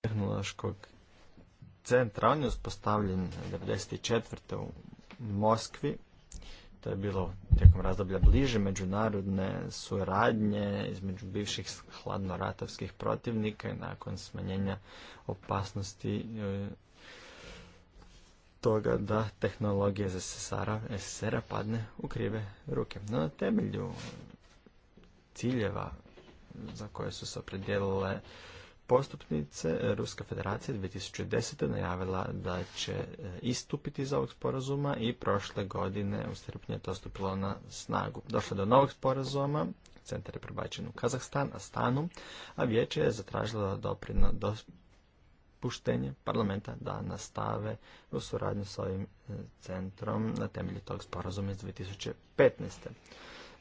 tehnološkog centra. On je uspostavljen 1994. u Moskvi. To je bilo tijekom razdoblja bliže međunarodne suradnje između bivših hladnoratovskih protivnika i nakon smanjenja opasnosti e, toga da tehnologija za SSR-a SSR padne u krive ruke. No, na temelju ciljeva za koje su se opredijelile postupnice eh, Ruska federacija 2010. najavila da će eh, istupiti iz ovog sporazuma i prošle godine u srpnju je to stupilo na snagu. Došlo do novog sporazuma, centar je prebačen u Kazahstan, Astanu, a vijeće je zatražilo doprinu do puštenje parlamenta da nastave u suradnju s ovim eh, centrom na temelju tog sporazuma iz 2015.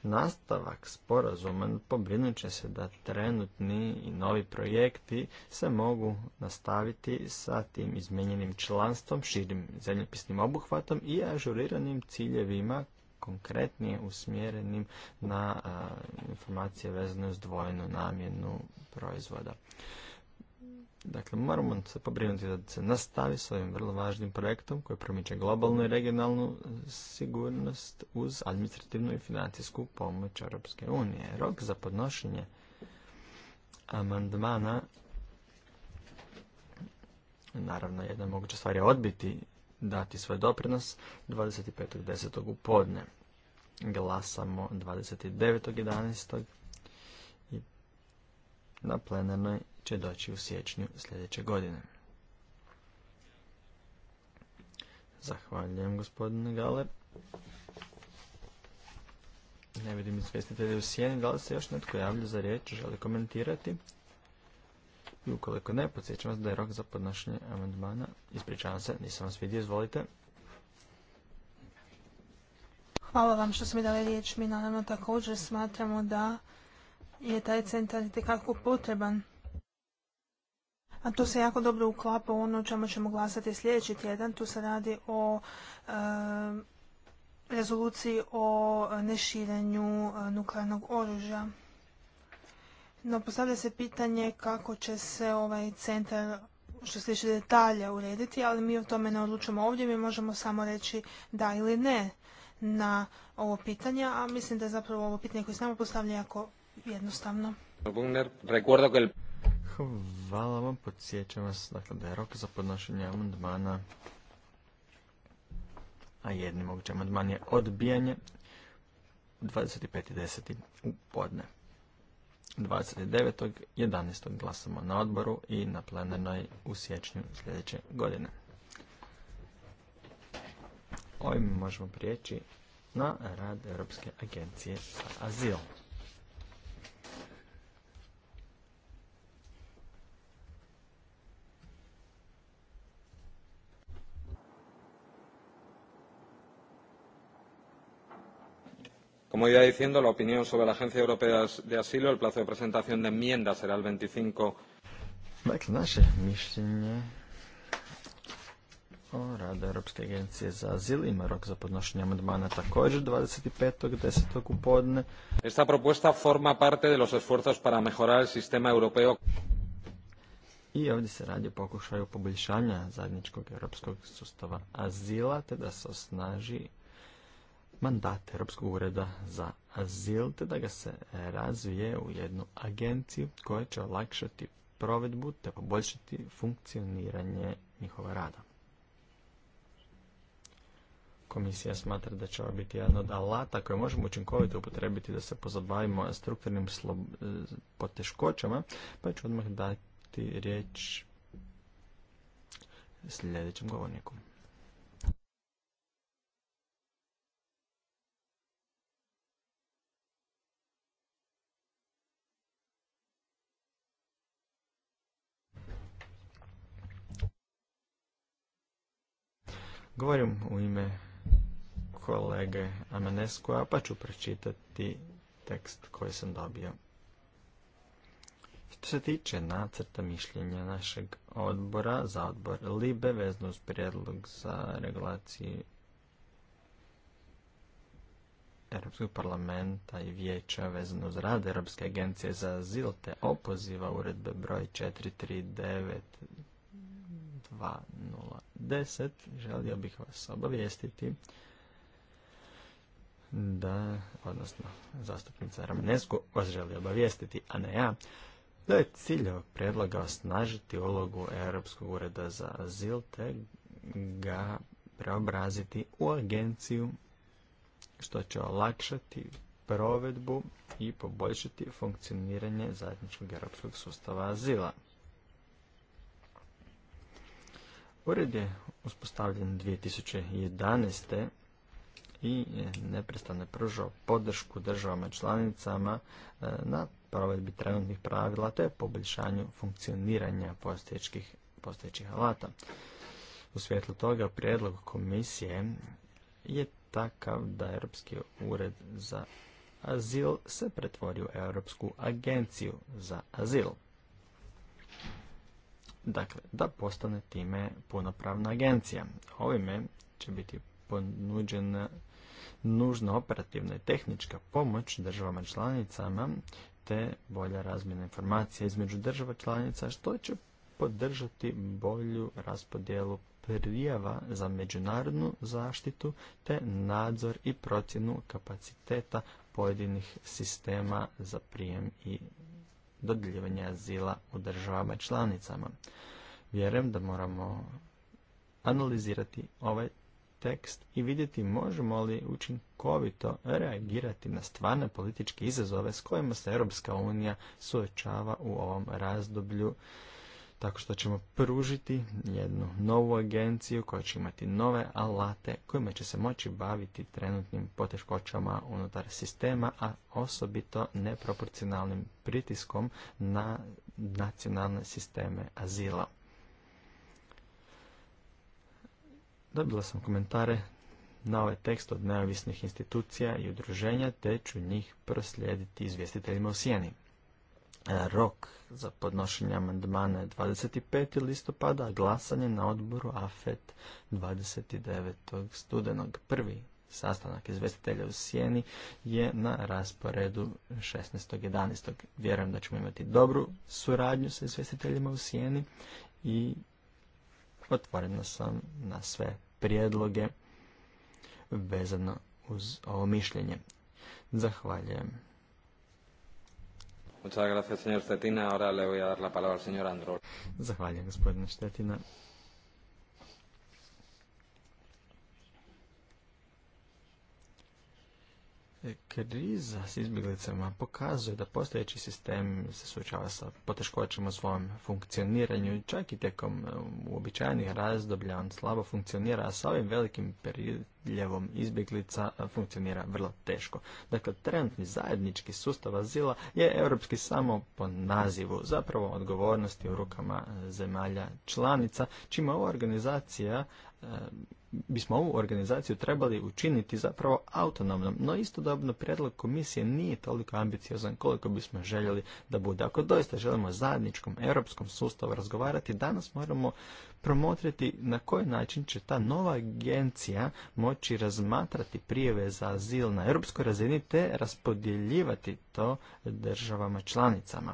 Nastavak sporazuman pobrinut će se da trenutni i novi projekti se mogu nastaviti sa tim izmenjenim članstvom, širim zemljopisnim obuhvatom i ažuriranim ciljevima konkretnije usmjerenim na informacije vezane uz dvojnu namjenu proizvoda. Dakle, moramo mhm. se pobrinuti da se nastavi s ovim vrlo važnim projektom koji promiče globalnu i regionalnu sigurnost uz administrativnu i financijsku pomoć Europske unije. Rok za podnošenje amandmana naravno jedna moguća stvar je odbiti dati svoj doprinos 25.10. u podne. Glasamo 29.11 na plenarnoj će doći u siječnju sljedeće godine. Zahvaljujem gospodine Galer. Ne vidim izvjestitelja u sjeni. Da li se još netko javlja za riječ? Želi komentirati? I ukoliko ne, podsjećam vas da je rok za podnošenje amandmana. Ispričavam se, nisam vas vidio, izvolite. Hvala vam što ste mi dali riječ. Mi naravno također smatramo da je taj centar itekako potreban. A to se jako dobro uklapa u ono čemu ćemo glasati sljedeći tjedan. Tu se radi o eh, rezoluciji o neširenju eh, nuklearnog oružja. No postavlja se pitanje kako će se ovaj centar što se tiče detalja urediti, ali mi o tome ne odlučujemo ovdje, mi možemo samo reći da ili ne na ovo pitanje, a mislim da je zapravo ovo pitanje koje se nama postavlja jako jednostavno. Hvala vam, podsjećam vas dakle, da je rok za podnošenje amandmana, a jedni moguće amandman je odbijanje 25.10. u podne. 29.11. glasamo na odboru i na plenarnoj u siječnju sljedeće godine. Ovim možemo prijeći na rad Europske agencije za azil. Como iba diciendo, la opinión sobre la Agencia Europea de Asilo, el plazo de presentación de enmiendas será el 25. Dakle, naše mišljenje o radu Europske agencije za azil ima rok za podnošenje amandmana također 25.10. u podne. Esta propuesta forma parte de los esfuerzos para mejorar el sistema europeo. I ovdje se radi o pokušaju poboljšanja zajedničkog europskog sustava azila, te da se osnaži mandat Europskog ureda za azil, te da ga se razvije u jednu agenciju koja će olakšati provedbu te poboljšati funkcioniranje njihova rada. Komisija smatra da će ovo biti jedan od alata koje možemo učinkovito upotrebiti da se pozabavimo strukturnim poteškoćama, pa ću odmah dati riječ sljedećem govorniku. Govorim u ime kolege a pa ću pročitati tekst koji sam dobio. Što se tiče nacrta mišljenja našeg odbora za odbor LIBE vezno uz prijedlog za regulaciju Europskog parlamenta i vijeća vezano uz rad Europske agencije za azil te opoziva uredbe broj 43920. 10 želio bih vas obavijestiti da, odnosno zastupnica Ramanesku vas želi obavijestiti, a ne ja, da je cilj ovog predloga osnažiti ulogu Europskog ureda za azil te ga preobraziti u agenciju što će olakšati provedbu i poboljšati funkcioniranje zajedničkog europskog sustava azila. Ured je uspostavljen 2011. i neprestane je pružao podršku državama članicama e, na provedbi trenutnih pravila te poboljšanju funkcioniranja postojećih, alata. U svjetlu toga prijedlog komisije je takav da Europski ured za azil se pretvori u Europsku agenciju za azil dakle, da postane time punopravna agencija. Ovime će biti ponuđena nužna operativna i tehnička pomoć državama članicama te bolja razmjena informacija između država članica što će podržati bolju raspodjelu prijava za međunarodnu zaštitu te nadzor i procjenu kapaciteta pojedinih sistema za prijem i dodjeljivanja azila u državama članicama. Vjerujem da moramo analizirati ovaj tekst i vidjeti možemo li učinkovito reagirati na stvarne političke izazove s kojima se Europska unija suočava u ovom razdoblju tako što ćemo pružiti jednu novu agenciju koja će imati nove alate kojima će se moći baviti trenutnim poteškoćama unutar sistema, a osobito neproporcionalnim pritiskom na nacionalne sisteme azila. Dobila sam komentare na ovaj tekst od neovisnih institucija i udruženja, te ću njih proslijediti izvjestiteljima u Sijeni. E, rok za podnošenje amandmana je 25. listopada, a glasanje na odboru AFET e 29. studenog. Prvi sastanak izvestitelja u Sjeni je na rasporedu 16.11. Vjerujem da ćemo imati dobru suradnju sa izvestiteljima u Sijeni i otvorena sam na sve prijedloge vezano uz ovo mišljenje. Zahvaljujem. Muchas gracias, señor Stetina. Ahora le voy a dar la palabra al señor Andro. Zahvaljujem, gospodine Štetina. Kriza s izbjeglicama pokazuje da postojeći sistem se suočava sa poteškoćama u svom funkcioniranju, čak i tijekom e, uobičajenih razdoblja on slabo funkcionira, a sa ovim velikim periljevom izbjeglica e, funkcionira vrlo teško. Dakle, trenutni zajednički sustav azila je europski samo po nazivu, zapravo odgovornosti u rukama zemalja članica, čima ova organizacija e, bismo ovu organizaciju trebali učiniti zapravo autonomnom, no istodobno prijedlog komisije nije toliko ambiciozan koliko bismo željeli da bude. Ako doista želimo zajedničkom europskom sustavu razgovarati, danas moramo promotriti na koji način će ta nova agencija moći razmatrati prijeve za azil na europskoj razini te raspodjeljivati to državama članicama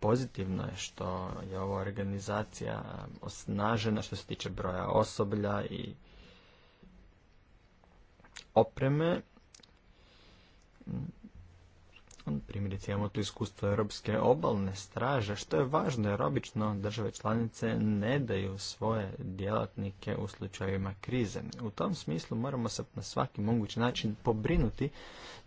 pozitivno je što je ova organizacija osnažena što se tiče broja osoblja i opreme. Mm. Primjerice imamo tu iskustvo Europske obalne straže, što je važno jer obično države članice ne daju svoje djelatnike u slučajevima krize. U tom smislu moramo se na svaki mogući način pobrinuti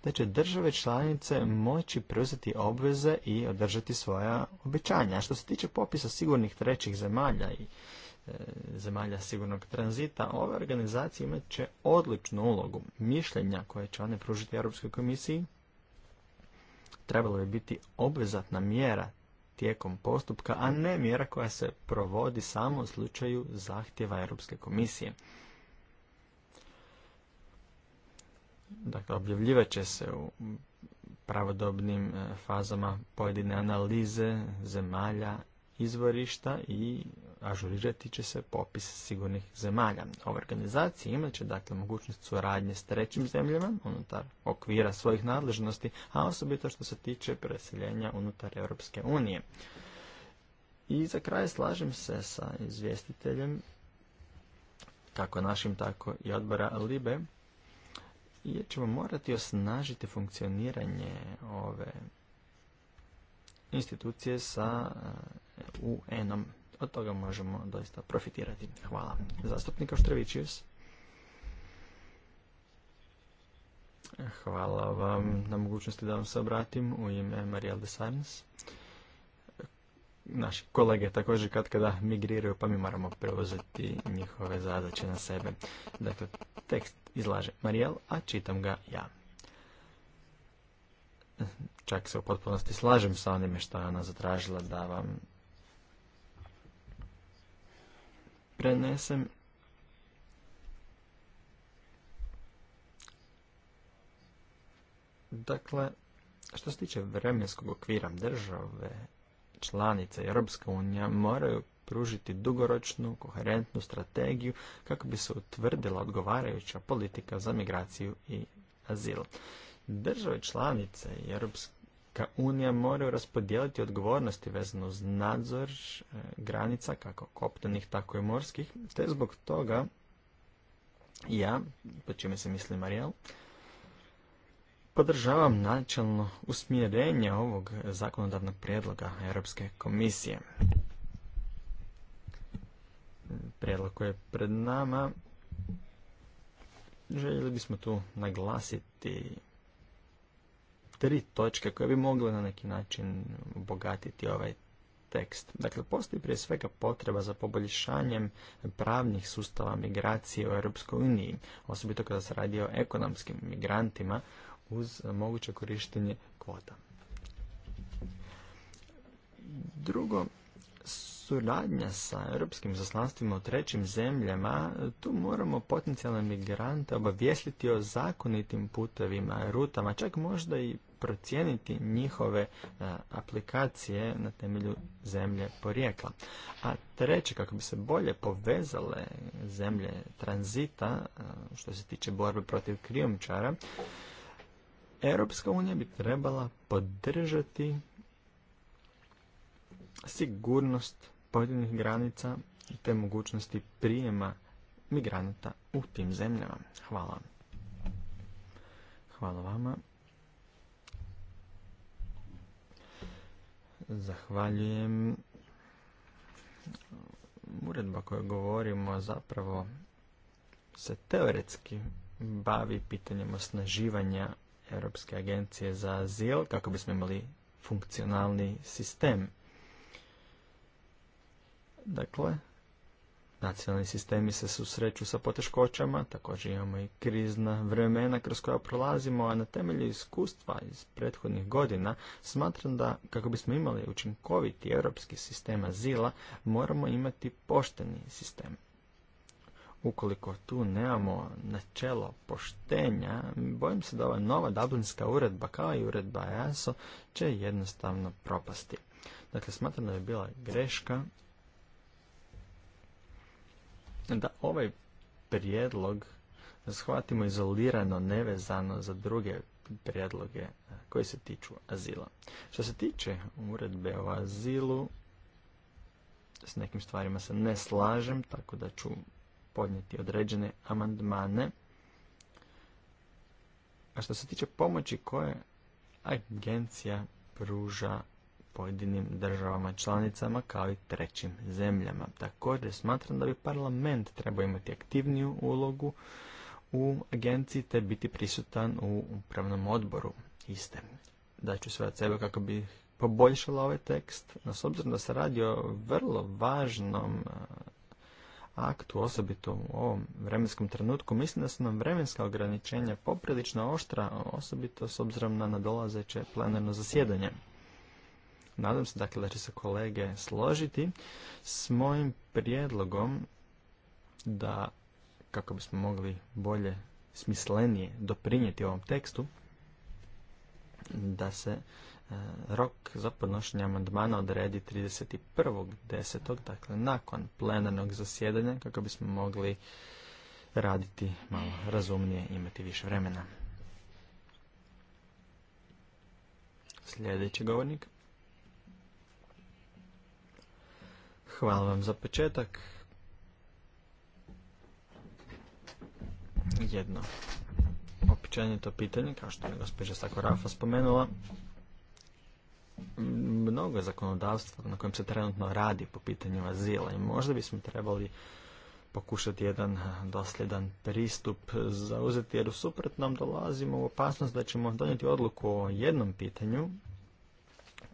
da će države članice moći preuzeti obveze i održati svoja obećanja. što se tiče popisa sigurnih trećih zemalja i E, zemalja sigurnog tranzita, ove organizacije imat će odličnu ulogu. Mišljenja koje će one pružiti Europskoj komisiji trebalo bi biti obvezatna mjera tijekom postupka, a ne mjera koja se provodi samo u slučaju zahtjeva Europske komisije. Dakle, objavljivat će se u pravodobnim e, fazama pojedine analize zemalja izvorišta i ažurirati će se popis sigurnih zemalja. Ove organizacije imat će dakle mogućnost suradnje s trećim zemljama unutar okvira svojih nadležnosti, a osobito što se tiče preseljenja unutar Europske unije. I za kraj slažem se sa izvjestiteljem, kako našim, tako i odbora Libe, jer ćemo morati osnažiti funkcioniranje ove institucije sa e, UN-om od toga možemo doista profitirati. Hvala. Zastupnik Oštrevićius. Hvala vam na mogućnosti da vam se obratim u ime Marijal de Sarnes. Naši kolege također kad kada migriraju pa mi moramo preuzeti njihove zadaće na sebe. Dakle, tekst izlaže Marijal, a čitam ga ja. Čak se u potpunosti slažem sa onime što je ona zatražila da vam prenesem. Dakle, što se tiče vremenskog okvira države, članice i unija moraju pružiti dugoročnu, koherentnu strategiju kako bi se utvrdila odgovarajuća politika za migraciju i azil. Države članice i unija moraju raspodijeliti odgovornosti vezano uz nadzor e, granica, kako kopnenih, tako i morskih, te zbog toga ja, po čime se misli Marijel, podržavam načelno usmjerenje ovog zakonodavnog prijedloga Europske komisije. Prijedlog koji je pred nama, željeli bismo tu naglasiti tri točke koje bi mogle na neki način obogatiti ovaj tekst. Dakle, postoji prije svega potreba za poboljšanjem pravnih sustava migracije u Europskoj uniji, osobito kada se radi o ekonomskim migrantima uz moguće korištenje kvota. Drugo, suradnja sa europskim zaslanstvima u trećim zemljama, tu moramo potencijalne migrante obavijestiti o zakonitim putevima, rutama, čak možda i procijeniti njihove e, aplikacije na temelju zemlje porijekla. A treće, kako bi se bolje povezale zemlje tranzita e, što se tiče borbe protiv krijumčara, Europska unija bi trebala podržati sigurnost pojedinih granica i te mogućnosti prijema migranata u tim zemljama. Hvala. Hvala vama. Zahvaljujem. Uredba koju govorimo zapravo se teoretski bavi pitanjem osnaživanja Europske agencije za azil kako bismo imali funkcionalni sistem. Dakle, Nacionalni sistemi se susreću sa poteškoćama, također imamo i krizna vremena kroz koja prolazimo, a na temelju iskustva iz prethodnih godina smatram da kako bismo imali učinkoviti europski sistem azila, moramo imati pošteni sistem. Ukoliko tu nemamo načelo poštenja, bojim se da ova nova Dublinska uredba kao i uredba EASO će jednostavno propasti. Dakle, smatram da je bila greška da ovaj prijedlog shvatimo izolirano, nevezano za druge prijedloge e, koji se tiču azila. Što se tiče uredbe o azilu, s nekim stvarima se ne slažem, tako da ću podnijeti određene amandmane. A što se tiče pomoći koje agencija pruža pojedinim državama članicama kao i trećim zemljama. Također smatram da bi parlament trebao imati aktivniju ulogu u agenciji te biti prisutan u upravnom odboru iste. Daću sve od sebe kako bi poboljšala ovaj tekst, no s obzirom da se radi o vrlo važnom e, aktu, osobito u ovom vremenskom trenutku, mislim da su nam vremenska ograničenja poprilično oštra, osobito s obzirom na nadolazeće plenarno zasjedanje nadam se dakle da će se kolege složiti s mojim prijedlogom da kako bismo mogli bolje smislenije doprinijeti ovom tekstu da se e, rok za podnošenje amandmana odredi 31.10. dakle nakon plenarnog zasjedanja kako bismo mogli raditi malo razumnije i imati više vremena. Sljedeći govornik. Hvala vam za početak. Jedno to pitanje, kao što je gospođa Sakorafa spomenula. Mnogo je zakonodavstva na kojem se trenutno radi po pitanju azila i možda bismo trebali pokušati jedan dosljedan pristup zauzeti, jer u suprotnom dolazimo u opasnost da ćemo donijeti odluku o jednom pitanju,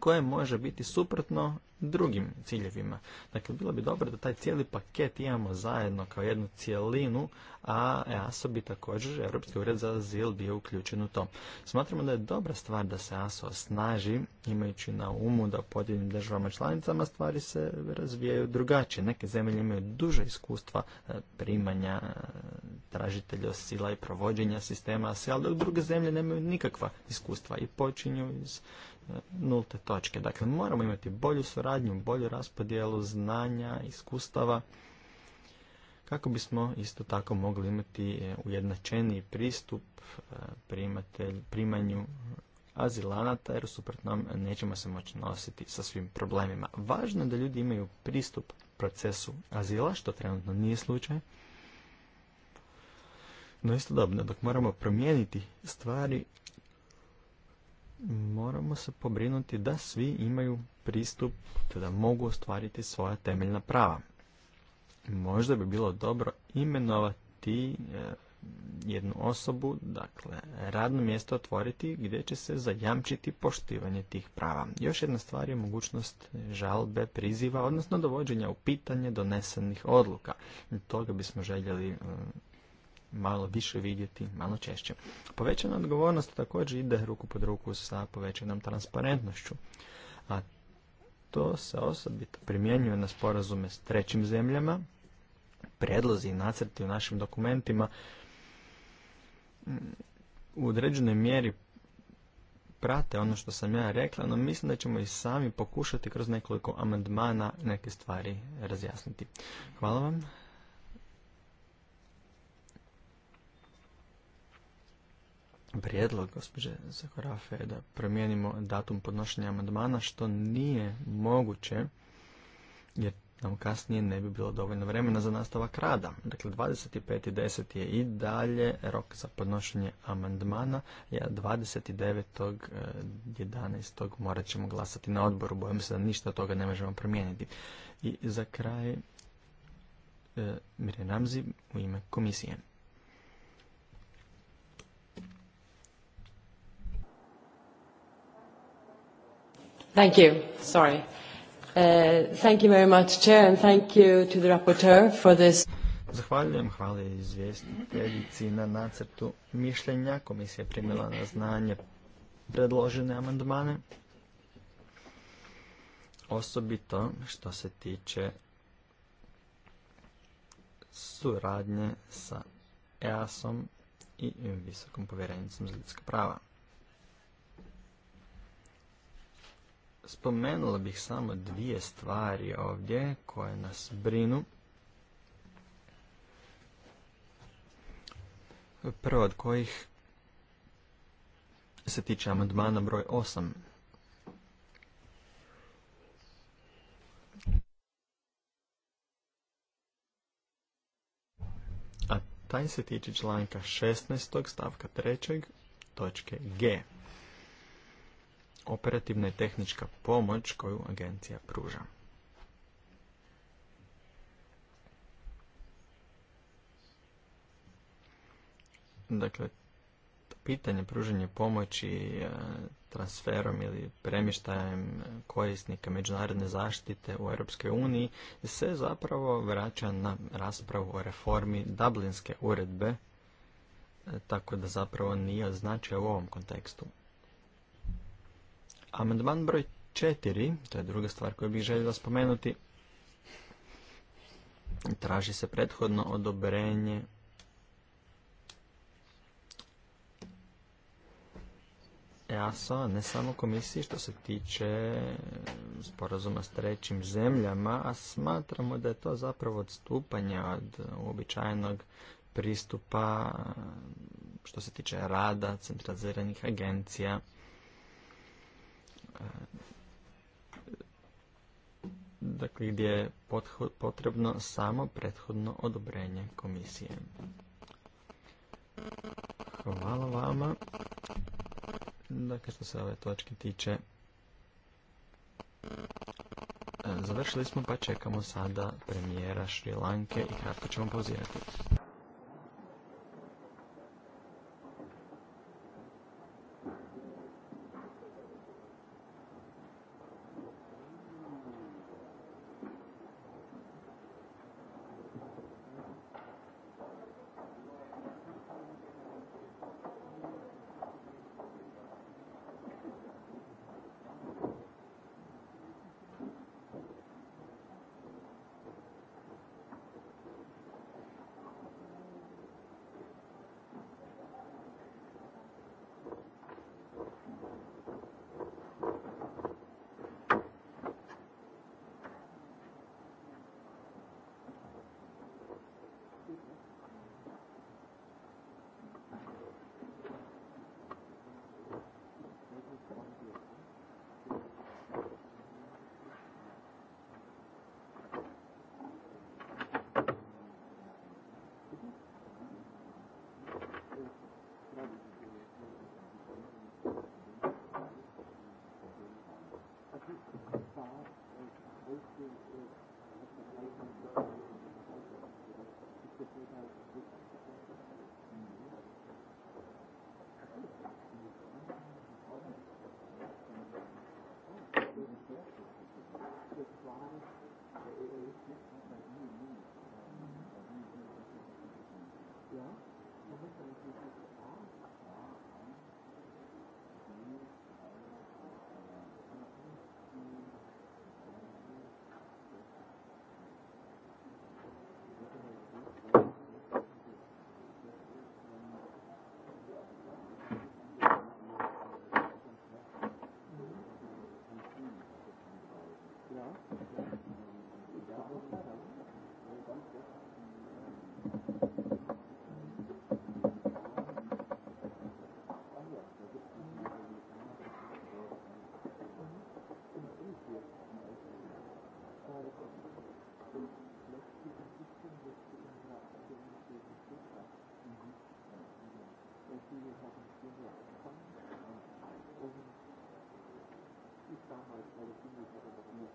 koje može biti suprotno drugim ciljevima. Dakle, bilo bi dobro da taj cijeli paket imamo zajedno kao jednu cijelinu, a EASO bi također, Europski ured za azil, bio uključen u to. Smatramo da je dobra stvar da se EASO snaži, imajući na umu da u državama članicama stvari se razvijaju drugačije. Neke zemlje imaju duže iskustva e, primanja e, tražitelja sila i provođenja sistema ali dok druge zemlje nemaju nikakva iskustva i počinju iz nulte točke. Dakle, moramo imati bolju suradnju, bolju raspodjelu znanja, iskustava, kako bismo isto tako mogli imati e, ujednačeniji pristup e, primanju azilanata, jer suprotno nećemo se moći nositi sa svim problemima. Važno je da ljudi imaju pristup procesu azila, što trenutno nije slučaj. No istodobno, dok moramo promijeniti stvari, moramo se pobrinuti da svi imaju pristup, te da mogu ostvariti svoja temeljna prava. Možda bi bilo dobro imenovati e, jednu osobu, dakle radno mjesto otvoriti gdje će se zajamčiti poštivanje tih prava. Još jedna stvar je mogućnost žalbe, priziva, odnosno dovođenja u pitanje donesenih odluka. Toga bismo željeli e, malo više vidjeti, malo češće. Povećana odgovornost također ide ruku pod ruku sa povećanom transparentnošću, a to se osobito primjenjuje na sporazume s trećim zemljama, predlozi i nacrti u našim dokumentima mm, u određenoj mjeri prate ono što sam ja rekla, no mislim da ćemo i sami pokušati kroz nekoliko amandmana neke stvari razjasniti. Hvala vam. prijedlog gospođe Zahorafe je da promijenimo datum podnošenja amandmana, što nije moguće, jer nam kasnije ne bi bilo dovoljno vremena za nastavak rada. Dakle, 25.10. je i dalje rok za podnošenje amandmana, a 29.11. Eh, morat ćemo glasati na odboru. Bojim se da ništa od toga ne možemo promijeniti. I za kraj, e, Ramzi u ime komisije. Thank you. Sorry. Zahvaljujem, hvala izvjestiteljici na nacrtu mišljenja. Komisija je primila na znanje predložene amandmane. Osobito što se tiče suradnje sa EAS-om i Visokom povjerenicom za ljudska prava. Spomenula bih samo dvije stvari ovdje koje nas brinu. Prvo od kojih se tiče amandmana broj 8. A taj se tiče članka 16. stavka 3. točke G operativna i tehnička pomoć koju agencija pruža. Dakle, pitanje pružanja pomoći e, transferom ili premještajem e, korisnika međunarodne zaštite u EU uniji se zapravo vraća na raspravu o reformi Dublinske uredbe, e, tako da zapravo nije značaj u ovom kontekstu. Amandman broj četiri, to je druga stvar koju bih želio spomenuti, traži se prethodno odobrenje EASA, ne samo komisiji što se tiče sporazuma s trećim zemljama, a smatramo da je to zapravo odstupanje od uobičajenog pristupa što se tiče rada centraliziranih agencija dakle gdje je potrebno samo prethodno odobrenje komisije. Hvala vama. Dakle, što se ove točke tiče, e, završili smo pa čekamo sada premijera Šri i kratko ćemo pozirati.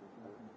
damals,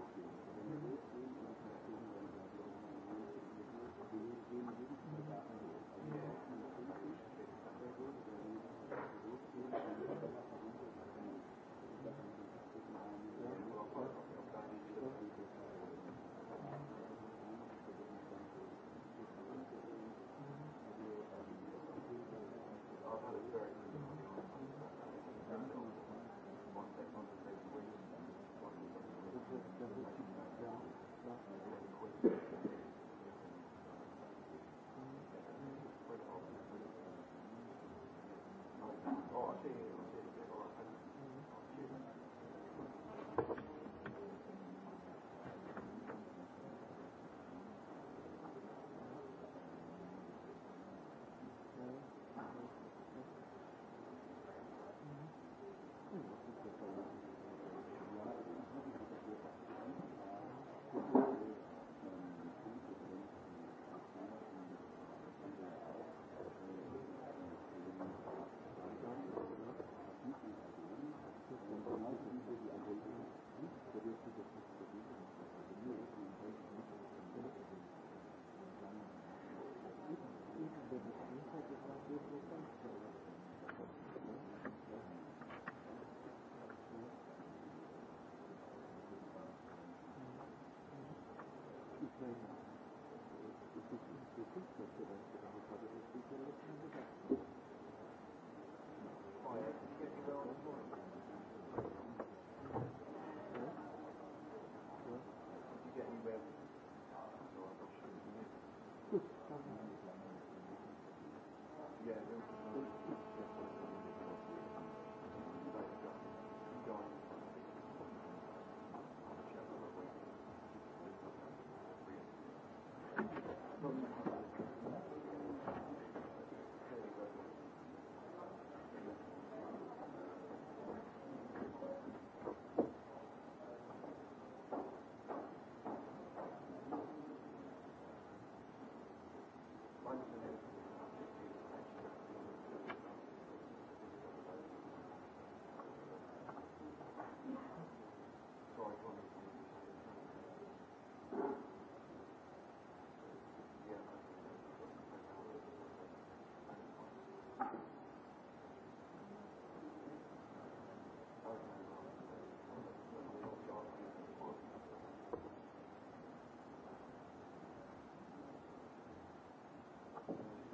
dobro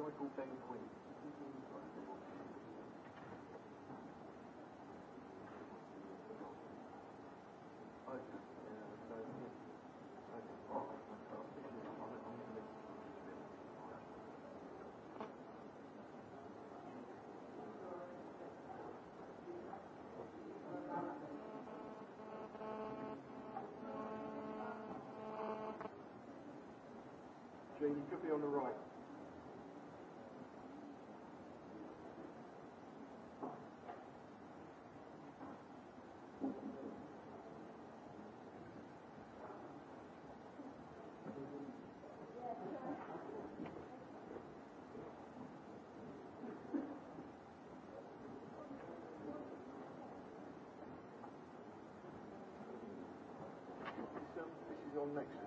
historical day queen. Jane, you could be on the right. your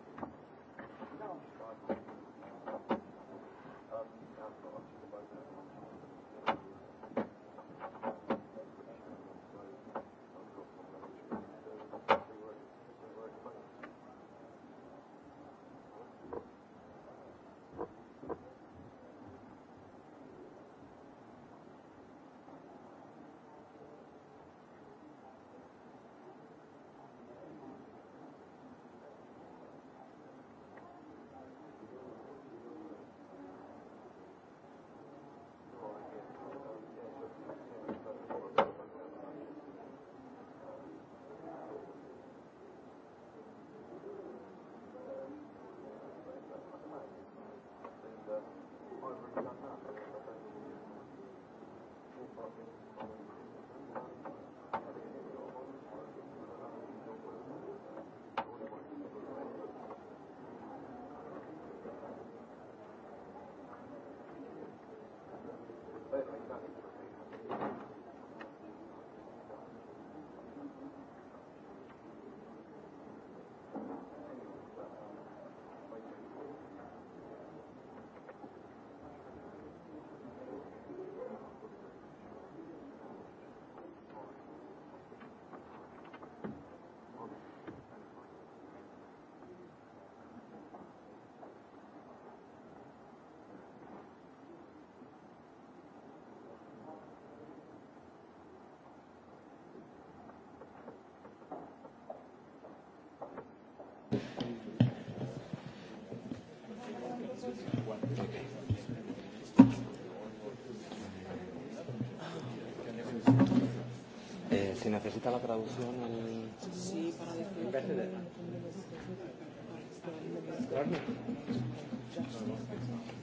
necesita la traducción el... Sí, para decir... de...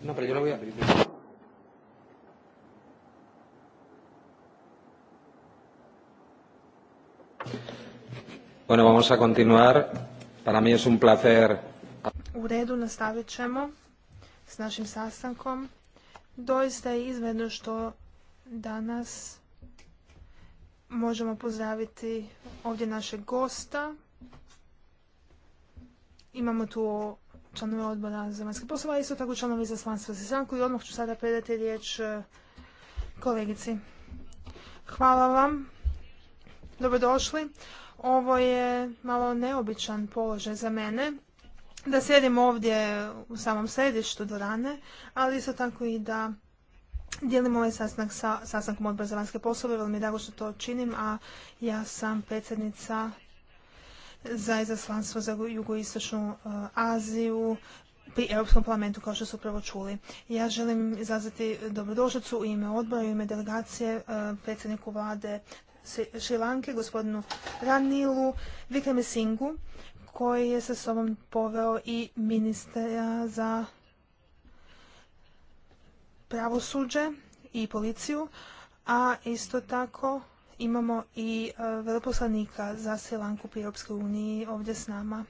No, pero yo lo voy a... Bueno, vamos a continuar. Para mí es un placer... U redu nastavit ćemo s našim sastankom. Doista je izvedno što danas možemo pozdraviti ovdje našeg gosta. Imamo tu članove odbora za vanjske poslova, isto tako članove izaslanstva za stranku i odmah ću sada predati riječ e, kolegici. Hvala vam. Dobrodošli. Ovo je malo neobičan položaj za mene. Da sjedim ovdje u samom središtu rane, ali isto tako i da Dijelim ovaj sastanak sa sastankom odbora za vanjske poslove, veli mi je drago što to činim, a ja sam predsjednica za izaslanstvo za jugoistočnu eh, Aziju pri Europskom parlamentu, kao što su upravo čuli. Ja želim izazvati dobrodošlicu u ime odbora, u ime delegacije eh, predsjedniku vlade Šrilanke, gospodinu Ranilu Vikrame koji je sa sobom poveo i ministra za pravosuđe i policiju, a isto tako imamo i e, veleposlanika za Selanku pri Europskoj uniji ovdje s nama.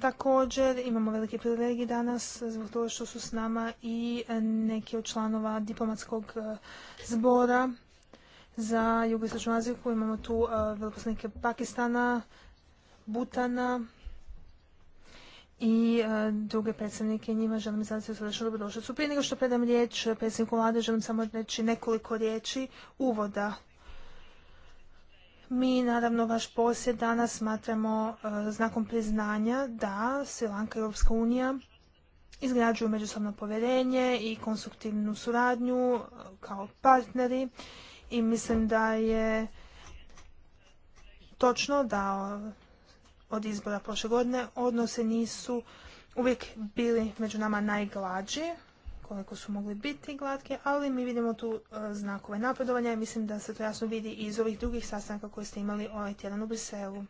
Također imamo velike privilegije danas zbog toga što su s nama i neki od članova diplomatskog e, zbora za jugoistočnu Aziju. Imamo tu e, veleposlanike Pakistana, Butana, i e, druge predstavnike njima želim izraziti srdečnu dobrodošlicu. Prije nego što predam riječ predsjedniku vlade, želim samo reći nekoliko riječi uvoda. Mi, naravno, vaš posjed danas smatramo e, znakom priznanja da Sri Lanka i Europska unija izgrađuju međusobno povjerenje i konstruktivnu suradnju e, kao partneri i mislim da je točno da od izbora prošle godine odnose nisu uvijek bili među nama najglađi, koliko su mogli biti glatke, ali mi vidimo tu e, znakove napredovanja i mislim da se to jasno vidi iz ovih drugih sastanaka koje ste imali ovaj tjedan u Briselu.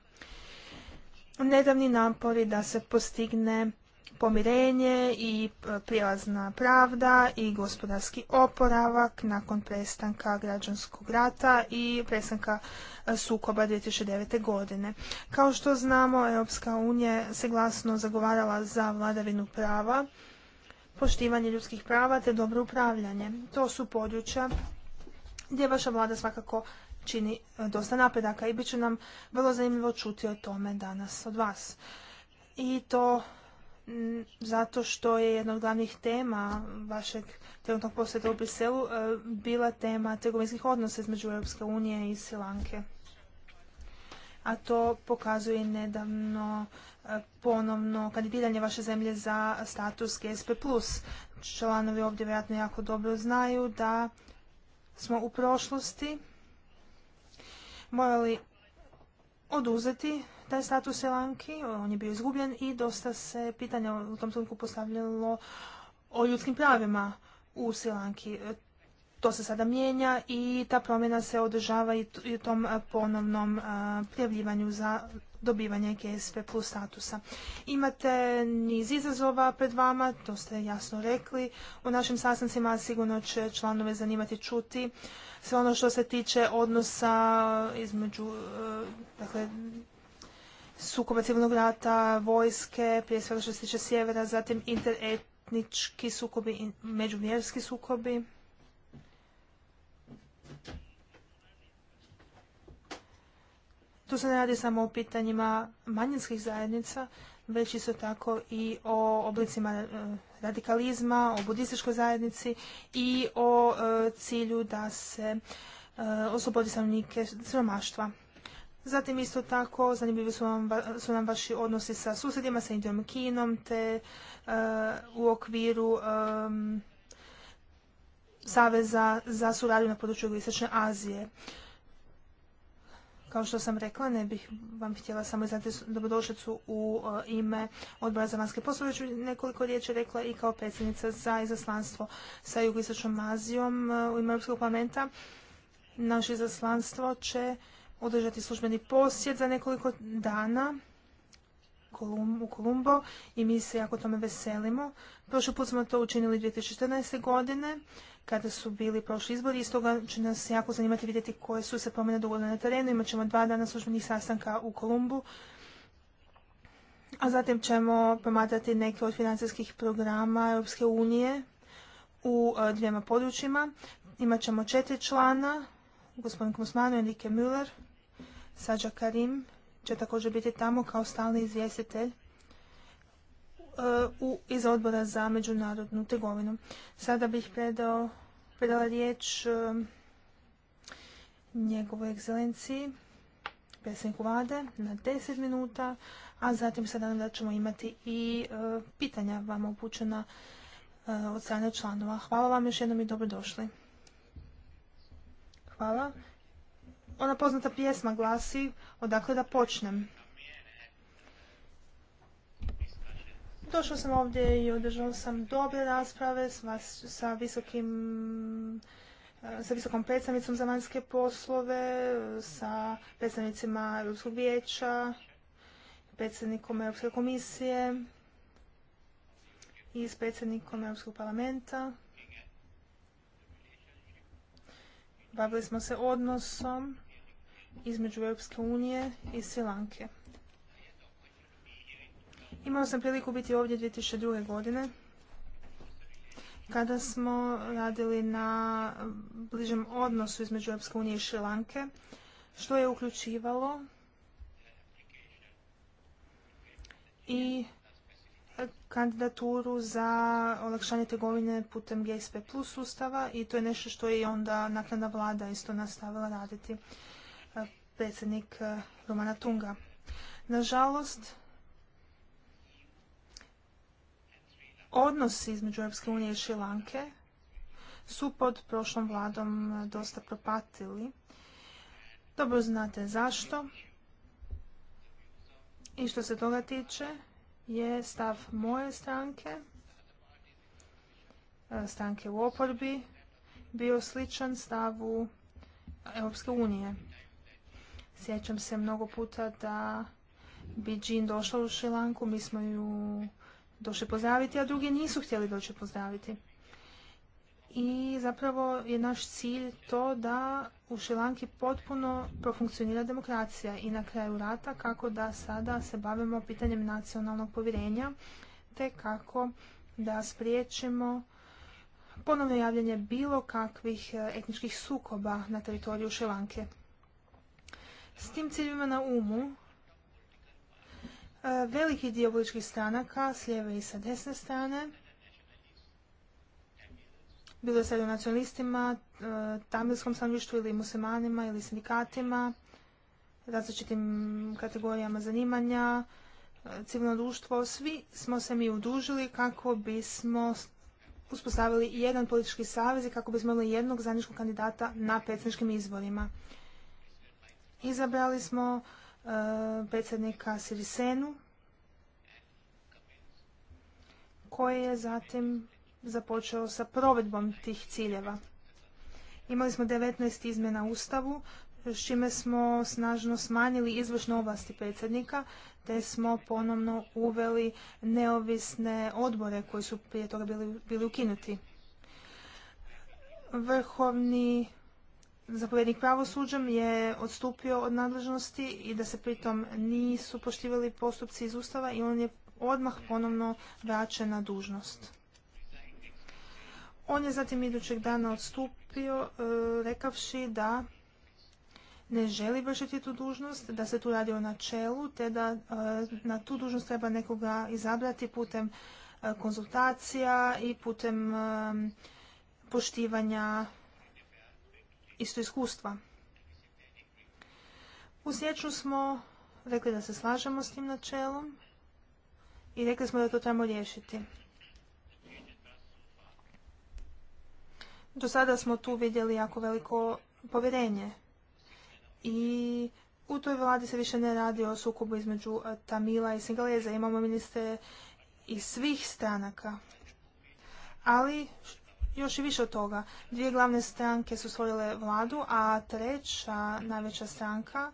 Nedavni napori da se postigne pomirenje i e, prijelazna pravda i gospodarski oporavak nakon prestanka građanskog rata i prestanka e, sukoba 2009. godine. Kao što znamo, Europska unija se glasno zagovarala za vladavinu prava, poštivanje ljudskih prava te dobro upravljanje. To su područja gdje vaša vlada svakako čini e, dosta napredaka i bit će nam vrlo zanimljivo čuti o tome danas od vas. I to zato što je jedna od glavnih tema vašeg trenutnog posjeta u Briselu e, bila tema trgovinskih odnosa između Europske unije i Silanke. A to pokazuje nedavno e, ponovno kandidiranje vaše zemlje za status GSP+. Članovi ovdje vjerojatno jako dobro znaju da smo u prošlosti morali oduzeti taj status Elanki, on je bio izgubljen i dosta se pitanja u tom trenutku postavljalo o ljudskim pravima u Silanki. E, to se sada mijenja i ta promjena se održava i u tom ponovnom prijavljivanju za dobivanje GSP plus statusa. Imate niz izazova pred vama, to ste jasno rekli. U našim sastancima sigurno će članove zanimati čuti sve ono što se tiče odnosa između e, dakle, sukoba civilnog rata, vojske, prije svega što se tiče sjevera, zatim interetnički sukobi, i međumjerski sukobi. Tu se ne radi samo o pitanjima manjinskih zajednica, već isto tako i o oblicima e, radikalizma, o budističkoj zajednici i o e, cilju da se e, oslobodi stanovnike siromaštva. Zatim isto tako zanimljivi su, nam vaši odnosi sa susjedima, sa Indijom i Kinom, te eh, u okviru Saveza za suradnju na području jugoistočne Azije. Kao što sam rekla, ne bih vam htjela samo izdati dobrodošlicu u eh, ime odbora za vanjske poslove, ću nekoliko riječi rekla i kao predsjednica za izaslanstvo sa jugoistočnom Azijom eh, u ime Europskog parlamenta. Naše izaslanstvo će održati službeni posjet za nekoliko dana u Kolumbo i mi se jako tome veselimo. Prošli put smo to učinili 2014. godine kada su bili prošli izbori i stoga će nas jako zanimati vidjeti koje su se promjene dogodile na terenu. Imaćemo dva dana službenih sastanka u Kolumbu, a zatim ćemo promatrati neke od financijskih programa Europske unije u e, dvijema područjima. Imaćemo četiri člana gospodin Kusmano, Enrique Müller, Sađa Karim će također biti tamo kao stalni izvjestitelj uh, u, iz odbora za međunarodnu trgovinu. Sada bih predala riječ um, njegovoj ekscelenciji, predsjedniku vlade, na 10 minuta, a zatim sada da ćemo imati i uh, pitanja vam upućena uh, od strane članova. Hvala vam još jednom i dobrodošli. Hvala. Ona poznata pjesma glasi Odakle da počnem. Došao sam ovdje i održao sam dobre rasprave sa visokim sa visokom predstavnicom za vanjske poslove, sa predstavnicima Europskog vijeća, predsjednikom Europske komisije i s predsjednikom Europskog parlamenta. Bavili smo se odnosom između Europske unije i Silanke. Imao sam priliku biti ovdje 2002. godine kada smo radili na bližem odnosu između Europske unije i Šrilanke, što je uključivalo i kandidaturu za olakšanje trgovine putem GSP plus sustava i to je nešto što je i onda naknadna vlada isto nastavila raditi e, predsjednik e, Romana Tunga. Nažalost, odnosi između Europske unije i Šilanke su pod prošlom vladom e, dosta propatili. Dobro znate zašto. I što se toga tiče, je stav moje stranke, e, stranke u oporbi, bio sličan stavu Europske unije. Sjećam se mnogo puta da bi Jean došla u Šilanku, mi smo ju došli pozdraviti, a drugi nisu htjeli doći pozdraviti. I zapravo je naš cilj to da u Šilanki potpuno profunkcionira demokracija i na kraju rata kako da sada se bavimo pitanjem nacionalnog povjerenja te kako da spriječimo ponovno javljanje bilo kakvih e, etničkih sukoba na teritoriju Šilanke. S tim ciljima na umu e, veliki dio političkih stranaka s lijeve i sa desne strane bilo je sad o nacionalistima, e, tamilskom stanovništvu ili muslimanima ili sindikatima, različitim kategorijama zanimanja, e, civilno društvo, svi smo se mi udužili kako bismo uspostavili jedan politički savez i kako bismo imali jednog zajedničkog kandidata na predsjedničkim izborima. Izabrali smo e, predsjednika Sirisenu, koji je zatim započeo sa provedbom tih ciljeva. Imali smo 19 izmjena Ustavu, s čime smo snažno smanjili izvršne ovlasti predsjednika, te smo ponovno uveli neovisne odbore koji su prije toga bili, bili ukinuti. Vrhovni zapovjednik pravosuđem je odstupio od nadležnosti i da se pritom nisu poštivali postupci iz Ustava i on je odmah ponovno vraćen na dužnost. On je zatim idućeg dana odstupio e, rekavši da ne želi vršiti tu dužnost, da se tu radi o načelu, te da e, na tu dužnost treba nekoga izabrati putem e, konzultacija i putem poštivanja isto iskustva. U siječnju smo rekli da se slažemo s tim načelom i rekli smo da to trebamo riješiti. Do sada smo tu vidjeli jako veliko povjerenje i u toj vladi se više ne radi o sukobu između e, Tamila i Singaleza. Imamo ministre iz svih stranaka. Ali još i više od toga. Dvije glavne stranke su stvorile vladu, a treća najveća stranka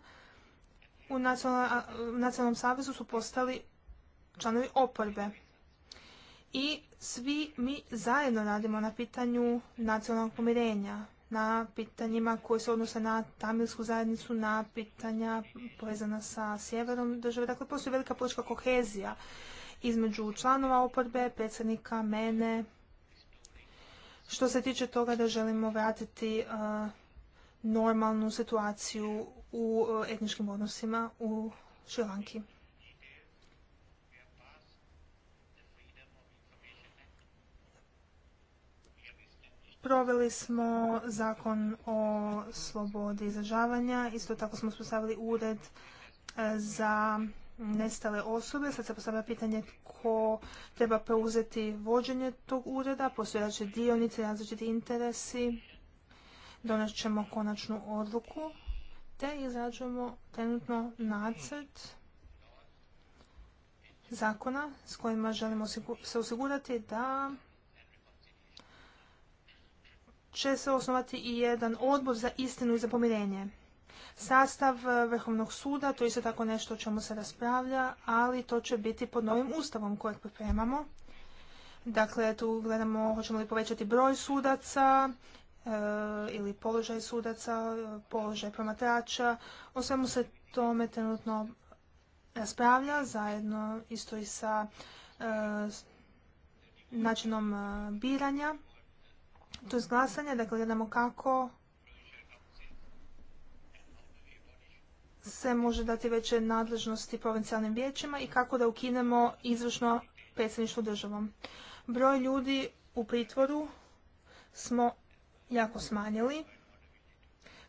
u Nacionalnom savezu su postali članovi oporbe i svi mi zajedno radimo na pitanju nacionalnog pomirenja, na pitanjima koje se odnose na tamilsku zajednicu, na pitanja povezana sa sjeverom države. Dakle, postoji velika politička kohezija između članova oporbe, predsjednika, mene. Što se tiče toga da želimo vratiti e, normalnu situaciju u e, etničkim odnosima u Šrilanki. Proveli smo zakon o slobodi izražavanja, isto tako smo uspostavili ured e, za nestale osobe. Sad se postavlja pitanje ko treba preuzeti vođenje tog ureda, postoje različite dionice, različiti interesi. Donat ćemo konačnu odluku te izrađujemo trenutno nacrt zakona s kojima želimo se osigurati da će se osnovati i jedan odbor za istinu i za pomirenje. Sastav e, Vrhovnog suda, to je isto tako nešto o čemu se raspravlja, ali to će biti pod novim ustavom kojeg pripremamo. Dakle, tu gledamo hoćemo li povećati broj sudaca e, ili položaj sudaca, e, položaj promatrača. O svemu se tome trenutno raspravlja, zajedno isto i sa načinom biranja to glasanje dakle gledamo kako se može dati veće nadležnosti provincijalnim vijećima i kako da ukinemo izvršno predsjedništvo državom. Broj ljudi u pritvoru smo jako smanjili.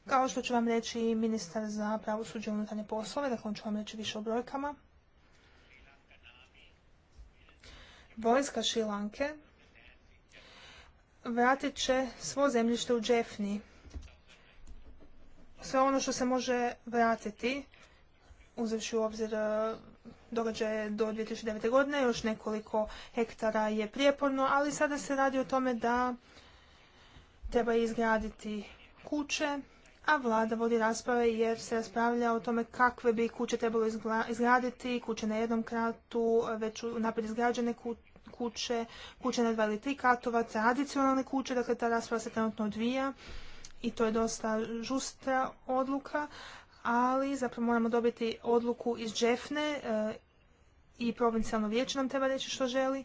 Kao što ću vam reći i ministar za pravosuđe i unutarnje poslove, dakle on ću vam reći više o brojkama. Vojska Šilanke vratit će svo zemljište u džefni. Sve ono što se može vratiti, uzevši u obzir e, događaje do 2009. godine, još nekoliko hektara je prijeporno, ali sada se radi o tome da treba izgraditi kuće, a vlada vodi rasprave jer se raspravlja o tome kakve bi kuće trebalo izgraditi, kuće na jednom kratu, već naprijed izgrađene kuće kuće, kuće na dva ili tri katova, tradicionalne kuće, dakle ta rasprava se trenutno odvija i to je dosta žustra odluka, ali zapravo moramo dobiti odluku iz Džefne eh, i provincijalno vijeće nam treba reći što želi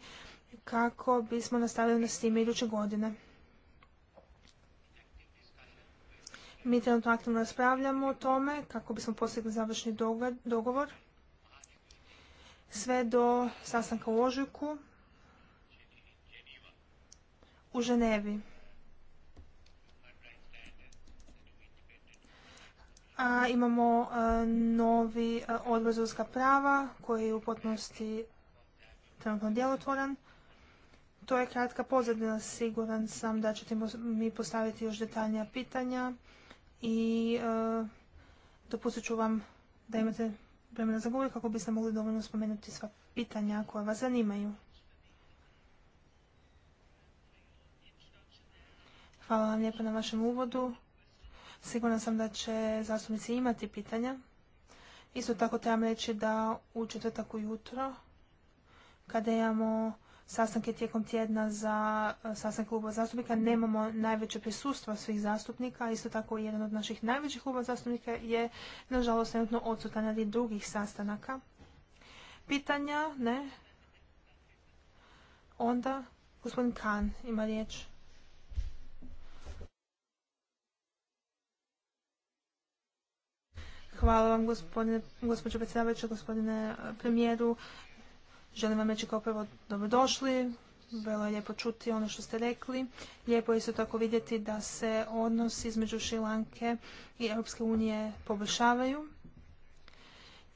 kako bismo nastavili s time iduće godine. Mi trenutno aktivno raspravljamo o tome kako bismo postigli završni dogovor sve do sastanka u Ožujku u Ženevi. A imamo e, novi e, odbor za ljudska prava koji je u potpunosti trenutno djelotvoran. To je kratka pozadina, siguran sam da ćete mi postaviti još detaljnija pitanja i e, dopustit ću vam da imate vremena za govor kako biste mogli dovoljno spomenuti sva pitanja koja vas zanimaju. Hvala vam lijepa na vašem uvodu. Sigurna sam da će zastupnici imati pitanja. Isto tako trebam reći da u četvrtak ujutro, kada imamo sastanke tijekom tjedna za e, sastanak kluba zastupnika, nemamo najveće prisustva svih zastupnika. Isto tako jedan od naših najvećih kluba zastupnika je, nažalost, trenutno odsutan radi drugih sastanaka. Pitanja? Ne. Onda, gospodin Kan ima riječ. Hvala vam gospodine, gospođo predsjedavajuća, gospodine eh, premijeru. Želim vam reći kao prvo dobrodošli. Vrlo je lijepo čuti ono što ste rekli. Lijepo je isto tako vidjeti da se odnos između Šilanke i Europske unije poboljšavaju.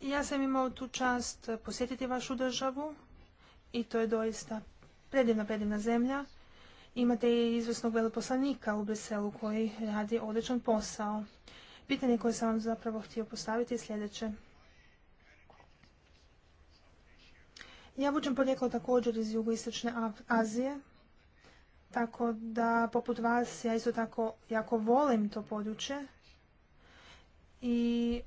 Ja sam imao tu čast posjetiti vašu državu i to je doista predivna, predivna zemlja. Imate i izvrsnog veleposlanika u Briselu koji radi odličan posao. Pitanje koje sam vam zapravo htio postaviti je sljedeće. Ja vučem porijeklo također iz jugoistočne Azije, tako da poput vas ja isto tako jako volim to područje i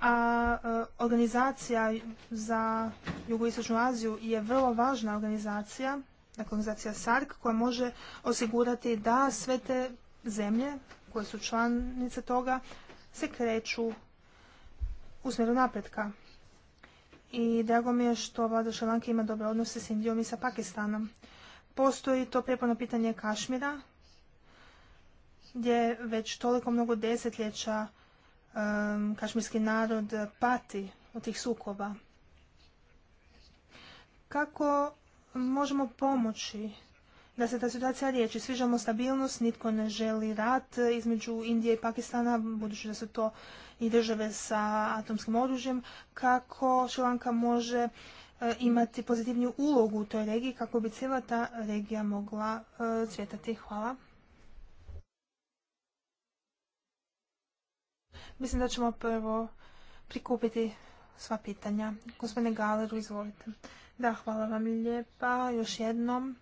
a e, organizacija za jugoistočnu Aziju je vrlo važna organizacija dakle organizacija SARC koja može osigurati da sve te zemlje koje su članice toga se kreću u smjeru napretka. I drago mi je što vlada Šalanke ima dobre odnose s Indijom i sa Pakistanom. Postoji to prijeporno pitanje Kašmira, gdje već toliko mnogo desetljeća kašmirski narod pati od tih sukoba. Kako možemo pomoći da se ta situacija riječi. Sviđamo stabilnost, nitko ne želi rat između Indije i Pakistana, budući da su to i države sa atomskim oružjem, kako Šilanka može e, imati pozitivniju ulogu u toj regiji kako bi cijela ta regija mogla e, cvjetati. Hvala. Mislim da ćemo prvo prikupiti sva pitanja. Gospodine Galeru, izvolite. Da, hvala vam lijepa. Još jednom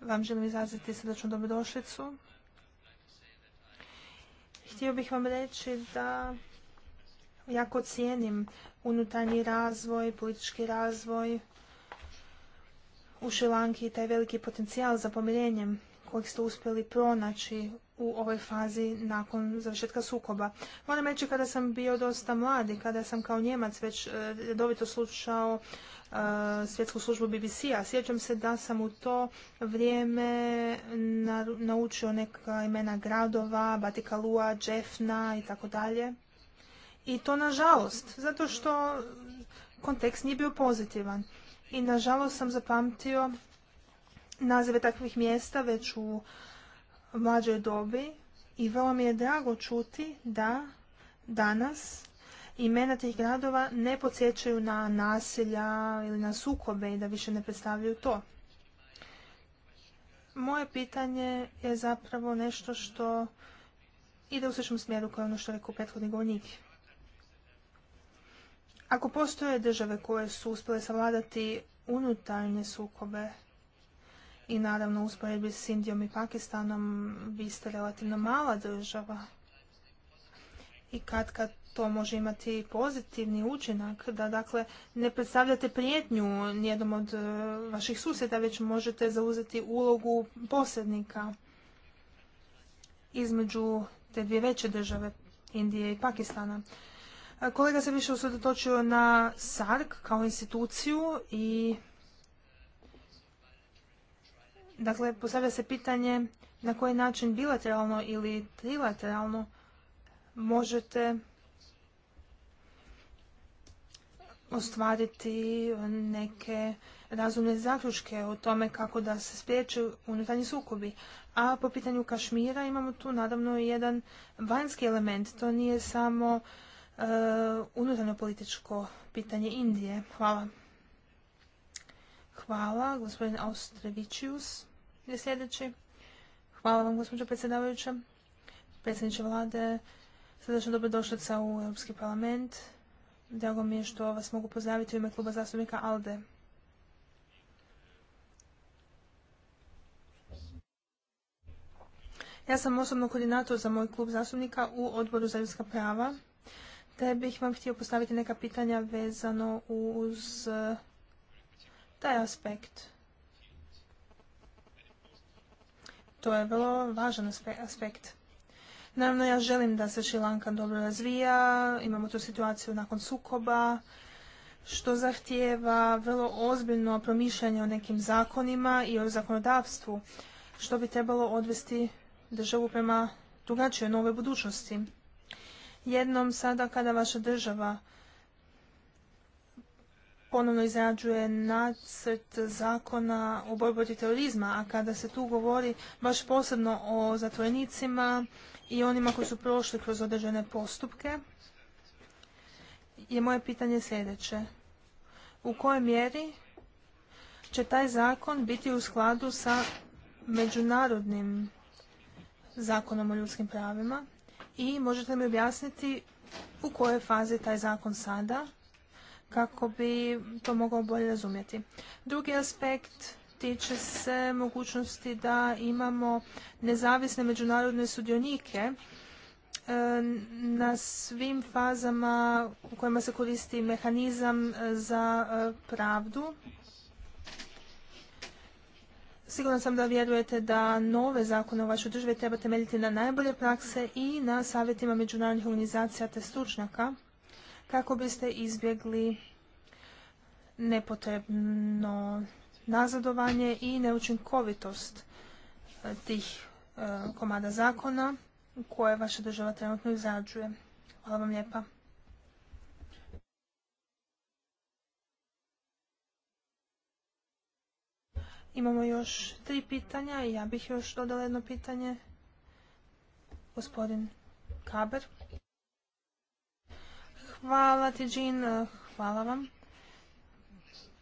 vam želim izraziti srdečnu dobrodošlicu. Htio bih vam reći da jako cijenim unutarnji razvoj, politički razvoj u Šilanki i taj veliki potencijal za pomirenjem kojeg ste uspjeli pronaći u ovoj fazi nakon završetka sukoba. Moram reći kada sam bio dosta mladi, kada sam kao Njemac već eh, redovito slušao svjetsku službu BBC-a. Sjećam se da sam u to vrijeme naučio neka imena gradova, Batikalua, Džefna i tako dalje. I to nažalost, zato što kontekst nije bio pozitivan. I nažalost sam zapamtio nazive takvih mjesta već u mlađoj dobi i vrlo mi je drago čuti da danas imena tih gradova ne podsjećaju na nasilja ili na sukobe i da više ne predstavljaju to. Moje pitanje je zapravo nešto što ide u sličnom smjeru kao ono što je rekao prethodni govornik. Ako postoje države koje su uspjele savladati unutarnje sukobe i naravno usporedbi s Indijom i Pakistanom vi ste relativno mala država i kad kad to može imati pozitivni učinak, da dakle ne predstavljate prijetnju nijednom od e, vaših susjeda, već možete zauzeti ulogu posrednika između te dvije veće države, Indije i Pakistana. E, kolega se više usredotočio na SARG kao instituciju i dakle postavlja se pitanje na koji način bilateralno ili trilateralno možete ostvariti neke razumne zaključke o tome kako da se spriječe unutarnji sukobi. A po pitanju Kašmira imamo tu nadavno jedan vanjski element. To nije samo e, unutarnjo političko pitanje Indije. Hvala. Hvala. Gospodin Austrevičius je sljedeći. Hvala vam, gospođo predsjedavajuća. Predsjedniče vlade, srdečno dobrodošlica u Europski parlament. Drago mi je što vas mogu pozdraviti u ime kluba zastupnika ALDE. Ja sam osobno koordinator za moj klub zastupnika u odboru za ljudska prava, te bih vam htio postaviti neka pitanja vezano uz eh, taj aspekt. To je vrlo važan aspekt. Naravno, ja želim da se Šilanka dobro razvija, imamo tu situaciju nakon sukoba, što zahtijeva vrlo ozbiljno promišljanje o nekim zakonima i o zakonodavstvu, što bi trebalo odvesti državu prema drugačijoj novoj budućnosti. Jednom sada kada vaša država ponovno izrađuje nacrt zakona o borbi protiv terorizma, a kada se tu govori baš posebno o zatvorenicima i onima koji su prošli kroz određene postupke, je moje pitanje sljedeće. U kojoj mjeri će taj zakon biti u skladu sa međunarodnim zakonom o ljudskim pravima i možete mi objasniti u kojoj fazi taj zakon sada kako bi to mogao bolje razumjeti. Drugi aspekt tiče se mogućnosti da imamo nezavisne međunarodne sudionike e, na svim fazama u kojima se koristi mehanizam e, za e, pravdu. Sigurno sam da vjerujete da nove zakone u vašoj državi treba temeljiti na najbolje prakse i na savjetima međunarodnih organizacija te stručnjaka kako biste izbjegli nepotrebno nazadovanje i neučinkovitost e, tih e, komada zakona koje vaša država trenutno izrađuje. Hvala vam lijepa. Imamo još tri pitanja i ja bih još dodala jedno pitanje. Gospodin Kaber. Hvala ti, Jean. Hvala vam.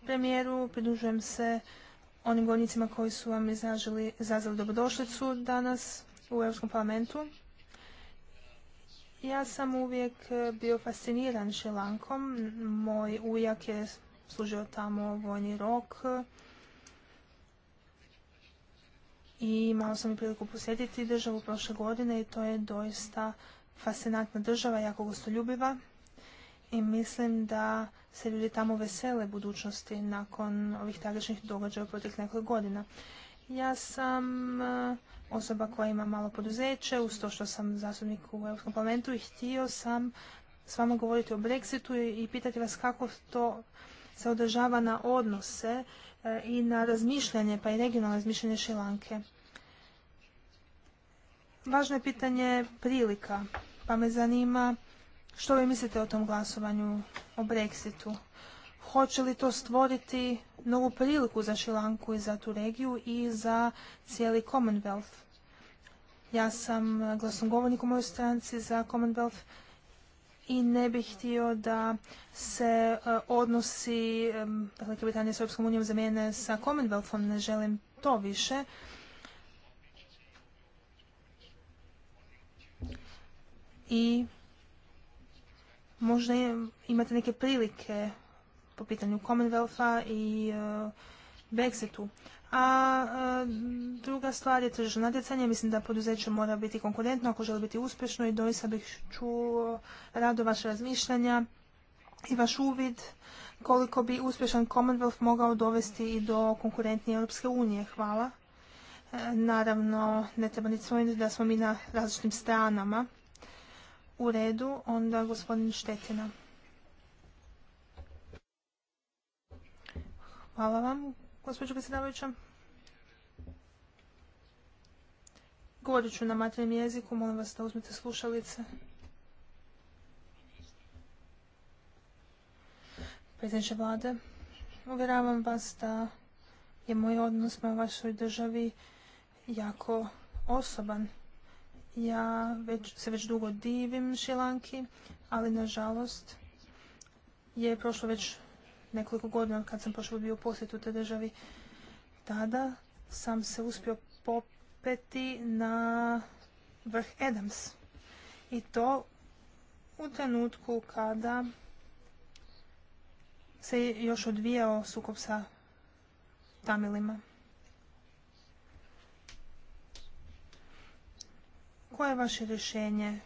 Premijeru, pridružujem se onim godnicima koji su vam izražili, izrazili dobrodošlicu danas u Europskom parlamentu. Ja sam uvijek bio fasciniran Šelankom. Moj ujak je služio tamo vojni rok i imao sam i priliku posjetiti državu prošle godine i to je doista fascinantna država, jako gostoljubiva i mislim da se ljudi tamo vesele budućnosti nakon ovih tragičnih događaja u proteklih nekoliko godina. Ja sam e, osoba koja ima malo poduzeće, uz to što sam zastupnik u Europskom parlamentu i htio sam s vama govoriti o Brexitu i pitati vas kako to se održava na odnose e, i na razmišljanje, pa i regionalno razmišljanje Šilanke. Važno je pitanje prilika, pa me zanima što vi mislite o tom glasovanju o Brexitu? Hoće li to stvoriti novu priliku za Šilanku i za tu regiju i za cijeli Commonwealth? Ja sam glasnogovornik u mojoj stranci za Commonwealth i ne bih htio da se e, odnosi e, dakle, Velike Britanije s Europskom unijom zamijene sa Commonwealthom. Ne želim to više. I možda imate neke prilike po pitanju Commonwealtha i e, Brexitu. A e, druga stvar je tržišno natjecanje. Mislim da poduzeće mora biti konkurentno ako želi biti uspješno i doista bih čuo rado vaše razmišljanja i vaš uvid koliko bi uspješan Commonwealth mogao dovesti i do konkurentnije Europske unije. Hvala. E, naravno, ne treba ni da smo mi na različitim stranama u redu, onda gospodin Štetina. Hvala vam, gospođo predsjedavajuća. Govorit ću na materijem jeziku, molim vas da uzmete slušalice. Predsjedniče vlade, uvjeravam vas da je moj odnos na vašoj državi jako osoban. Ja već, se već dugo divim Šilanki, ali nažalost je prošlo već nekoliko godina kad sam prošlo bio posjet u te državi. Tada sam se uspio popeti na vrh Adams. I to u trenutku kada se još odvijao sukob sa Tamilima. Koje je vaše rješenje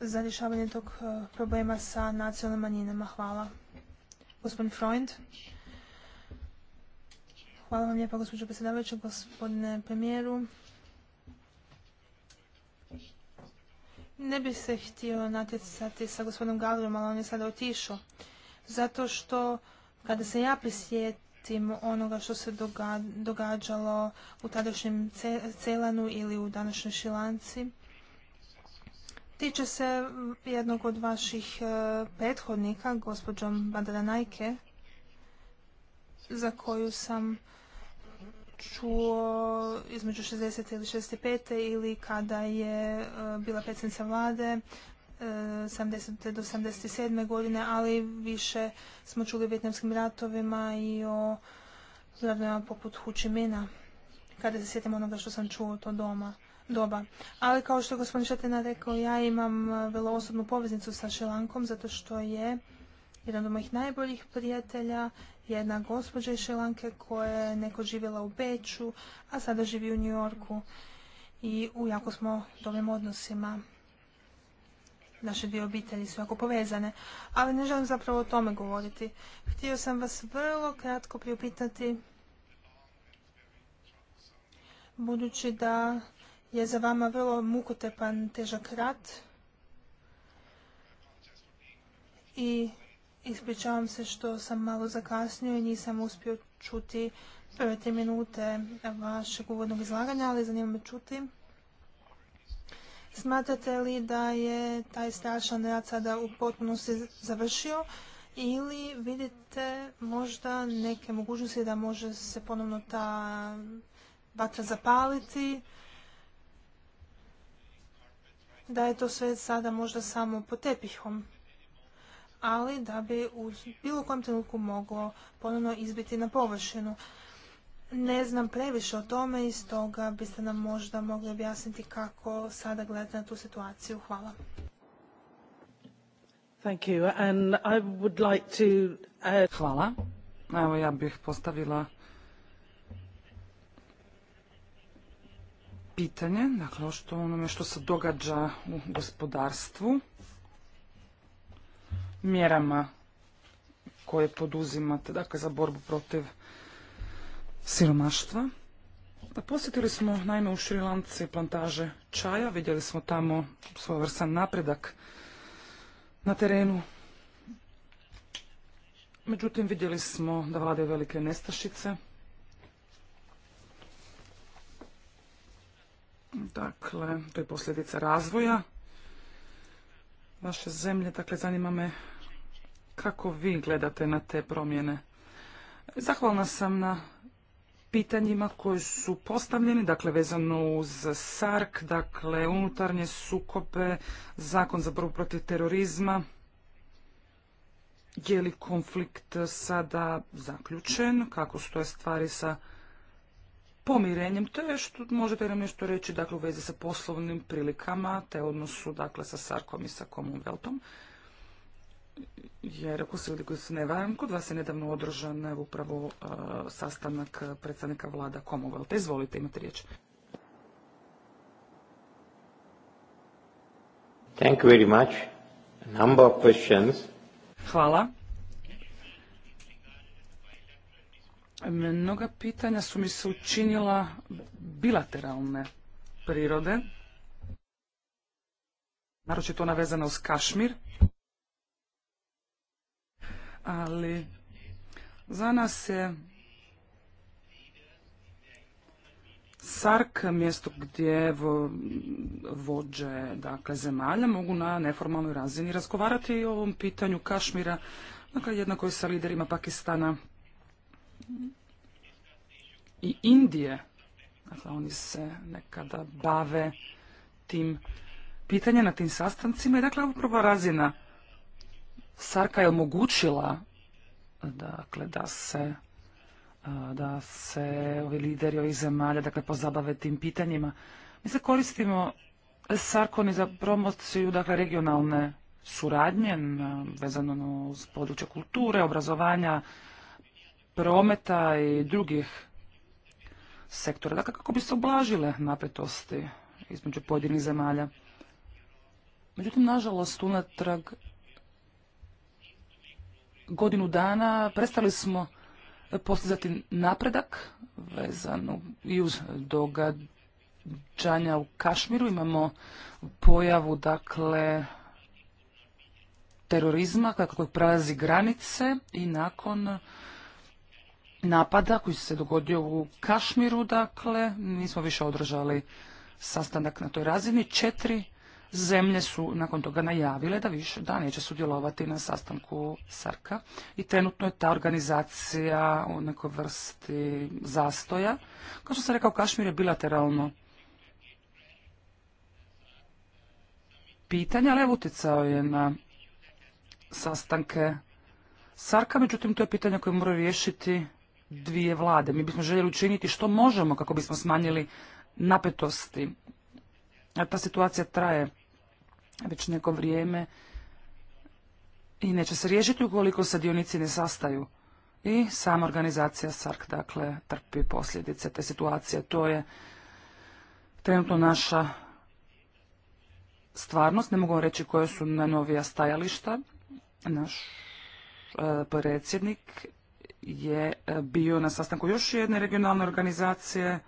za rješavanje tog e, problema sa nacionalnim manjinama? Hvala. Gospodin Freund. Hvala vam lijepa gospođo predsjedavajuća, gospodine premijeru. Ne bih se htio natjecati sa gospodinom Galerom, ali on je sada otišao. Zato što kada se ja prisjetim, tim onoga što se događalo u tadašnjem Celanu ili u današnjoj Šilanci. Tiče se jednog od vaših e, prethodnika, gospođom Badranajke, za koju sam čuo između 60. ili 65. ili kada je e, bila predsjednica vlade 70. do 77. godine, ali više smo čuli o vjetnamskim ratovima i o zdravljama poput Hučimina, kada se sjetim onoga što sam čuo to doma. Doba. Ali kao što je gospodin Šetena rekao, ja imam e, vrlo osobnu poveznicu sa Šilankom, zato što je jedan od mojih najboljih prijatelja, jedna gospođa iz Šilanke koja je neko živjela u Beću, a sada živi u Njorku i u jako smo dobrim odnosima naše dvije obitelji su jako povezane. Ali ne želim zapravo o tome govoriti. Htio sam vas vrlo kratko priupitati, budući da je za vama vrlo mukotepan težak rat i ispričavam se što sam malo zakasnio i nisam uspio čuti prve tri minute vašeg uvodnog izlaganja, ali zanima me čuti Smatrate li da je taj strašan rad sada u potpunosti završio ili vidite možda neke mogućnosti da može se ponovno ta vatra zapaliti? Da je to sve sada možda samo po tepihom, ali da bi u bilo kojem trenutku moglo ponovno izbiti na površinu ne znam previše o tome i stoga biste nam možda mogli objasniti kako sada gledate na tu situaciju. Hvala. Thank you. And I would like to... Uh, Hvala. Evo ja bih postavila pitanje, dakle što onome što se događa u gospodarstvu, mjerama koje poduzimate, dakle za borbu protiv siromaštva. Da pa posjetili smo naime u Šrilanci plantaže čaja, vidjeli smo tamo svojevrsan napredak na terenu. Međutim, vidjeli smo da vlade velike nestašice. Dakle, to je posljedica razvoja naše zemlje. Dakle, zanima me kako vi gledate na te promjene. Zahvalna sam na pitanjima koji su postavljeni, dakle vezano uz SARK, dakle unutarnje sukobe, zakon za borbu protiv terorizma, je li konflikt sada zaključen, kako stoje stvari sa pomirenjem, te što možete nam nešto reći dakle, u vezi sa poslovnim prilikama, te odnosu dakle, sa Sarkom i sa Commonwealthom jer ako se koji se ne vajam, kod vas je nedavno održan upravo e, sastanak predstavnika vlada te Izvolite, imate riječ. Hvala. Mnoga pitanja su mi se učinila bilateralne prirode, naročito ona navezano uz Kašmir ali za nas je SARK mjesto gdje vođe dakle, zemalja mogu na neformalnoj razini razgovarati i o ovom pitanju Kašmira, dakle, jednako i sa liderima Pakistana i Indije. Dakle, oni se nekada bave tim pitanjem na tim sastancima i dakle upravo razina Sarka je omogućila dakle, da se da se ovi lideri ovih zemalja dakle, pozabave tim pitanjima. Mi se koristimo Sarkoni za promociju dakle, regionalne suradnje vezano uz područje kulture, obrazovanja, prometa i drugih sektora. Dakle, kako bi se oblažile napetosti između pojedinih zemalja. Međutim, nažalost, unatrag godinu dana prestali smo postizati napredak vezano i uz događanja u Kašmiru. Imamo pojavu, dakle, terorizma kako prelazi granice i nakon napada koji se dogodio u Kašmiru, dakle, nismo više održali sastanak na toj razini. Četiri zemlje su nakon toga najavile da više da neće sudjelovati na sastanku Sarka i trenutno je ta organizacija u nekoj vrsti zastoja. Kao što sam rekao, Kašmir je bilateralno pitanje, ali je utjecao je na sastanke Sarka, međutim to je pitanje koje moraju riješiti dvije vlade. Mi bismo željeli učiniti što možemo kako bismo smanjili napetosti. pa ta situacija traje već neko vrijeme i neće se riješiti ukoliko se dionici ne sastaju. I sama organizacija SARK, dakle, trpi posljedice te situacije. To je trenutno naša stvarnost. Ne mogu reći koje su najnovija stajališta. Naš e, predsjednik je e, bio na sastanku još jedne regionalne organizacije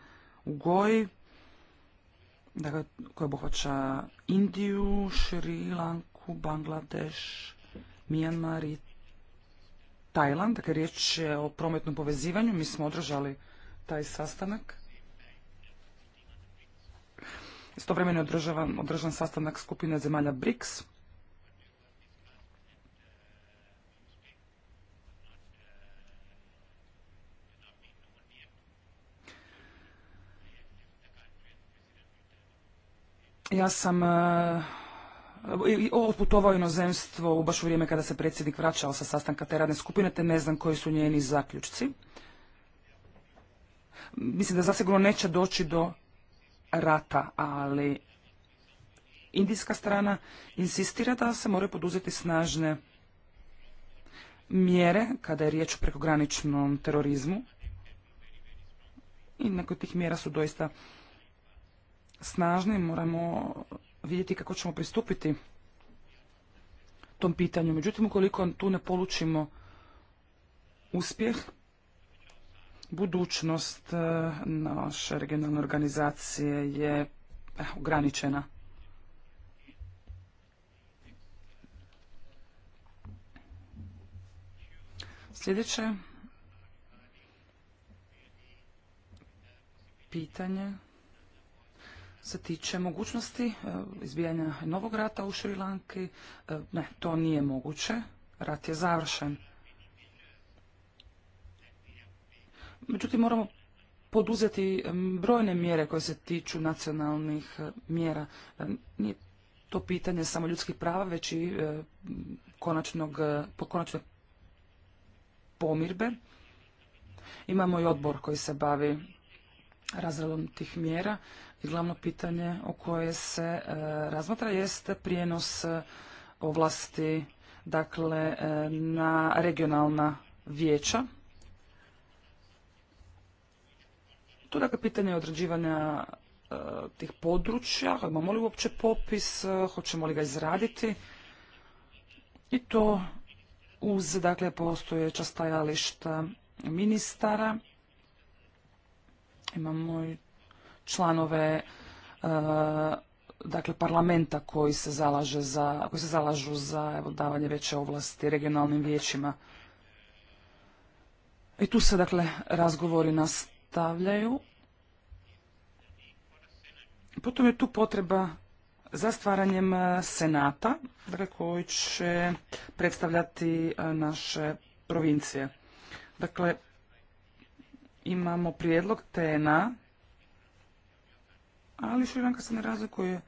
u Goji dakle, koja obuhvaća Indiju, Šri Lanku, Bangladeš, Mijanmar i Tajland. Dakle, riječ je o prometnom povezivanju. Mi smo održali taj sastanak. Istovremeno je održan sastanak skupine zemalja BRICS. Ja sam e, otputovao inozemstvo u baš u vrijeme kada se predsjednik vraćao sa sastanka te radne skupine, te ne znam koji su njeni zaključci. Mislim da zasigurno neće doći do rata, ali indijska strana insistira da se moraju poduzeti snažne mjere kada je riječ o prekograničnom terorizmu. I neke tih mjera su doista snažni, moramo vidjeti kako ćemo pristupiti tom pitanju. Međutim, ukoliko tu ne polučimo uspjeh, budućnost e, naše regionalne organizacije je eh, ograničena. Sljedeće pitanje se tiče mogućnosti e, izbijanja novog rata u Šrilanki, e, ne, to nije moguće. Rat je završen. Međutim, moramo poduzeti e, brojne mjere koje se tiču nacionalnih mjera. Nije to pitanje samo ljudskih prava, već i konačnog, konačnog pomirbe. Imamo i odbor koji se bavi razredom tih mjera i glavno pitanje o koje se e, razmatra jeste prijenos e, ovlasti dakle, e, na regionalna vijeća. Tu dakle pitanje određivanja tih područja, imamo li uopće popis, hoćemo li ga izraditi i to uz dakle postojeća stajališta ministara. Imamo i članove e, dakle parlamenta koji se zalaže za, koji se zalažu za evo, davanje veće ovlasti regionalnim vijećima. I tu se dakle razgovori nastavljaju. Potom je tu potreba za stvaranjem e, senata, dakle koji će predstavljati e, naše provincije. Dakle, imamo prijedlog TNA ali širanka se ne razlikuje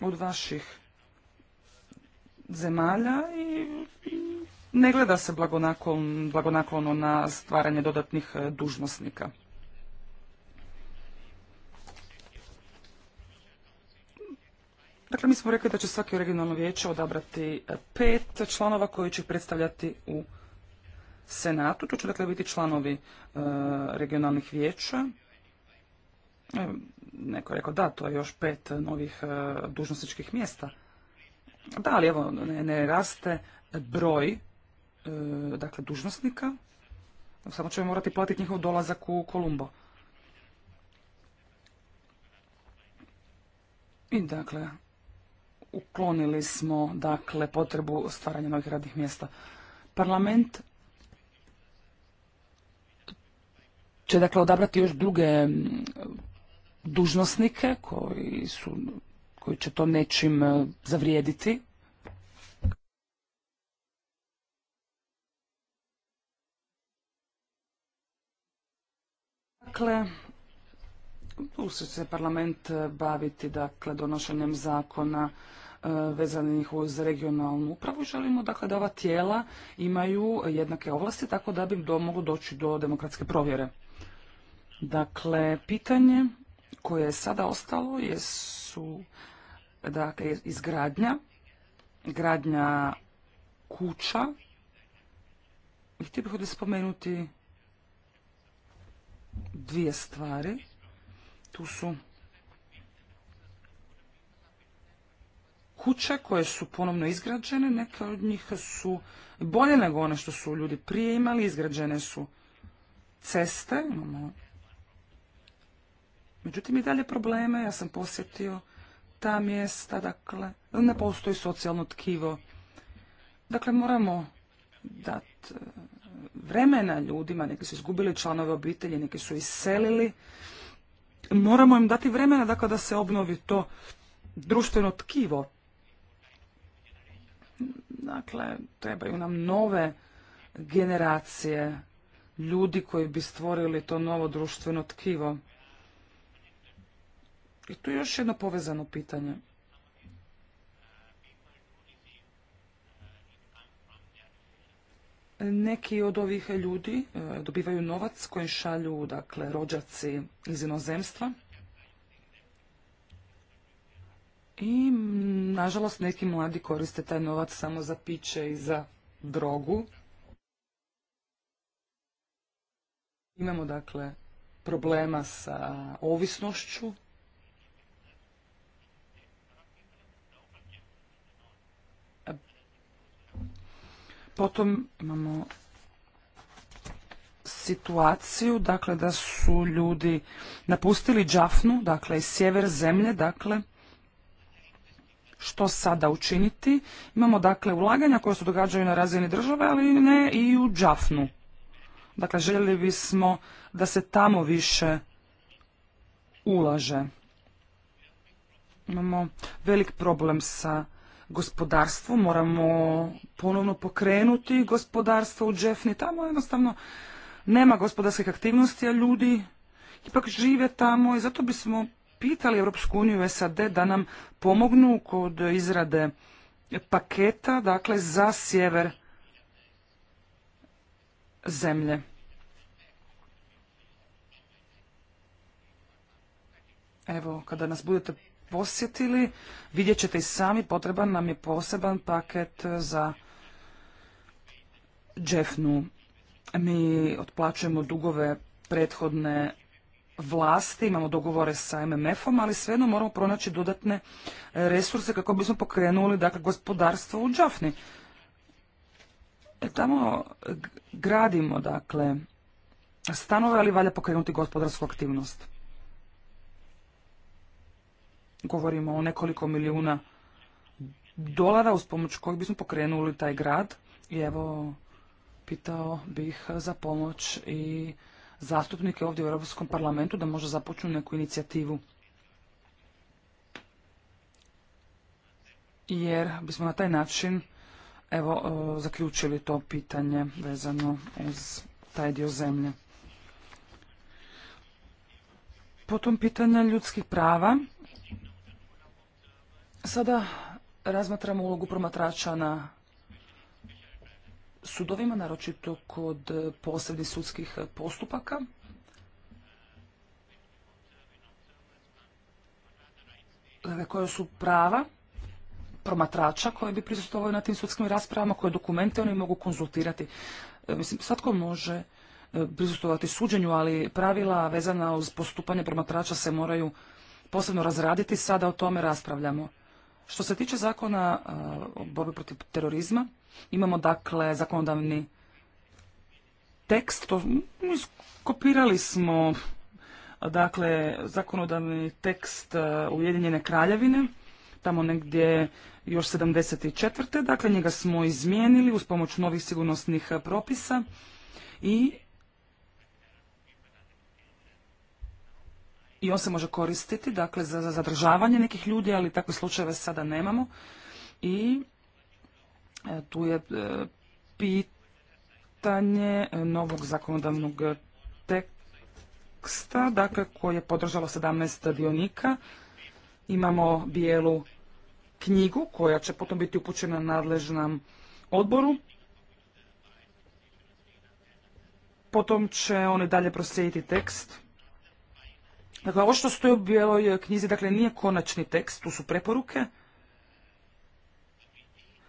od vaših zemalja i ne gleda se blagonaklono na stvaranje dodatnih e, dužnosnika. Dakle, mi smo rekli da će svaki regionalno vijeće odabrati e, pet članova koji će predstavljati u Senatu. To će dakle biti članovi e, regionalnih vijeća. Neko je rekao da, to je još pet novih e, dužnosničkih mjesta. Da, ali evo, ne, raste broj e, dakle, dužnosnika. Samo ćemo morati platiti njihov dolazak u Kolumbo. I dakle, uklonili smo dakle potrebu stvaranja novih radnih mjesta. Parlament će dakle odabrati još druge dužnosnike koji, su, koji će to nečim e, zavrijediti. Dakle, tu će se parlament e, baviti dakle, donošenjem zakona e, vezanih uz regionalnu upravu. Želimo dakle, da ova tijela imaju jednake ovlasti tako da bi do, moglo doći do demokratske provjere. Dakle, pitanje koje je sada ostalo jesu dakle, izgradnja, gradnja kuća. I htio bih ovdje spomenuti dvije stvari. Tu su kuće koje su ponovno izgrađene, neke od njih su bolje nego one što su ljudi prije imali, izgrađene su ceste, imamo Međutim, i dalje probleme, ja sam posjetio ta mjesta, dakle, ne postoji socijalno tkivo. Dakle, moramo dati e, vremena ljudima, neki su izgubili članove obitelji, neki su iselili. Moramo im dati vremena dakle, da se obnovi to društveno tkivo. Dakle, trebaju nam nove generacije ljudi koji bi stvorili to novo društveno tkivo. I tu je još jedno povezano pitanje. Neki od ovih ljudi e, dobivaju novac koji šalju dakle, rođaci iz inozemstva. I, nažalost, neki mladi koriste taj novac samo za piće i za drogu. Imamo, dakle, problema sa ovisnošću, Potom imamo situaciju, dakle, da su ljudi napustili Džafnu, dakle, iz sjever zemlje, dakle, što sada učiniti. Imamo, dakle, ulaganja koja se događaju na razini države, ali ne i u Džafnu. Dakle, željeli bismo da se tamo više ulaže. Imamo velik problem sa Gospodarstvo, moramo ponovno pokrenuti gospodarstvo u Džefni, tamo jednostavno nema gospodarskih aktivnosti, a ljudi ipak žive tamo i zato bismo pitali Europsku uniju i SAD da nam pomognu kod izrade paketa, dakle za sjever zemlje. Evo, kada nas budete posjetili, vidjet ćete i sami, potreban nam je poseban paket za džefnu. Mi otplaćujemo dugove prethodne vlasti, imamo dogovore sa MMF-om, ali svejedno moramo pronaći dodatne resurse kako bismo pokrenuli dakle, gospodarstvo u Džefni E, tamo gradimo dakle, stanove, ali valja pokrenuti gospodarsku aktivnost. Govorimo o nekoliko milijuna dolara uz pomoć kojih bismo pokrenuli taj grad. I evo, pitao bih za pomoć i zastupnike ovdje u Europskom parlamentu da možda započnu neku inicijativu. Jer bismo na taj način evo, e, zaključili to pitanje vezano uz taj dio zemlje. Potom pitanja ljudskih prava. Sada razmatramo ulogu promatrača na sudovima, naročito kod posebnih sudskih postupaka. Dakle, koje su prava promatrača koje bi prisustovali na tim sudskim raspravama, koje dokumente oni mogu konzultirati. E, mislim, svatko može e, prisustovati suđenju, ali pravila vezana uz postupanje promatrača se moraju posebno razraditi. Sada o tome raspravljamo. Što se tiče zakona o eh, borbi protiv terorizma, imamo dakle zakonodavni tekst, to, kopirali smo dakle zakonodavni tekst eh, Ujedinjene kraljevine, tamo negdje još 74. Dakle, njega smo izmijenili uz pomoć novih sigurnosnih propisa i i on se može koristiti dakle, za, zadržavanje nekih ljudi, ali takve slučajeve sada nemamo. I e, tu je e, pitanje e, novog zakonodavnog teksta, dakle, koji je podržalo 17 dionika. Imamo bijelu knjigu koja će potom biti upućena nadležnom odboru. Potom će oni dalje proslijediti tekst Dakle, ovo što stoji u bijeloj eh, knjizi, dakle, nije konačni tekst, tu su preporuke.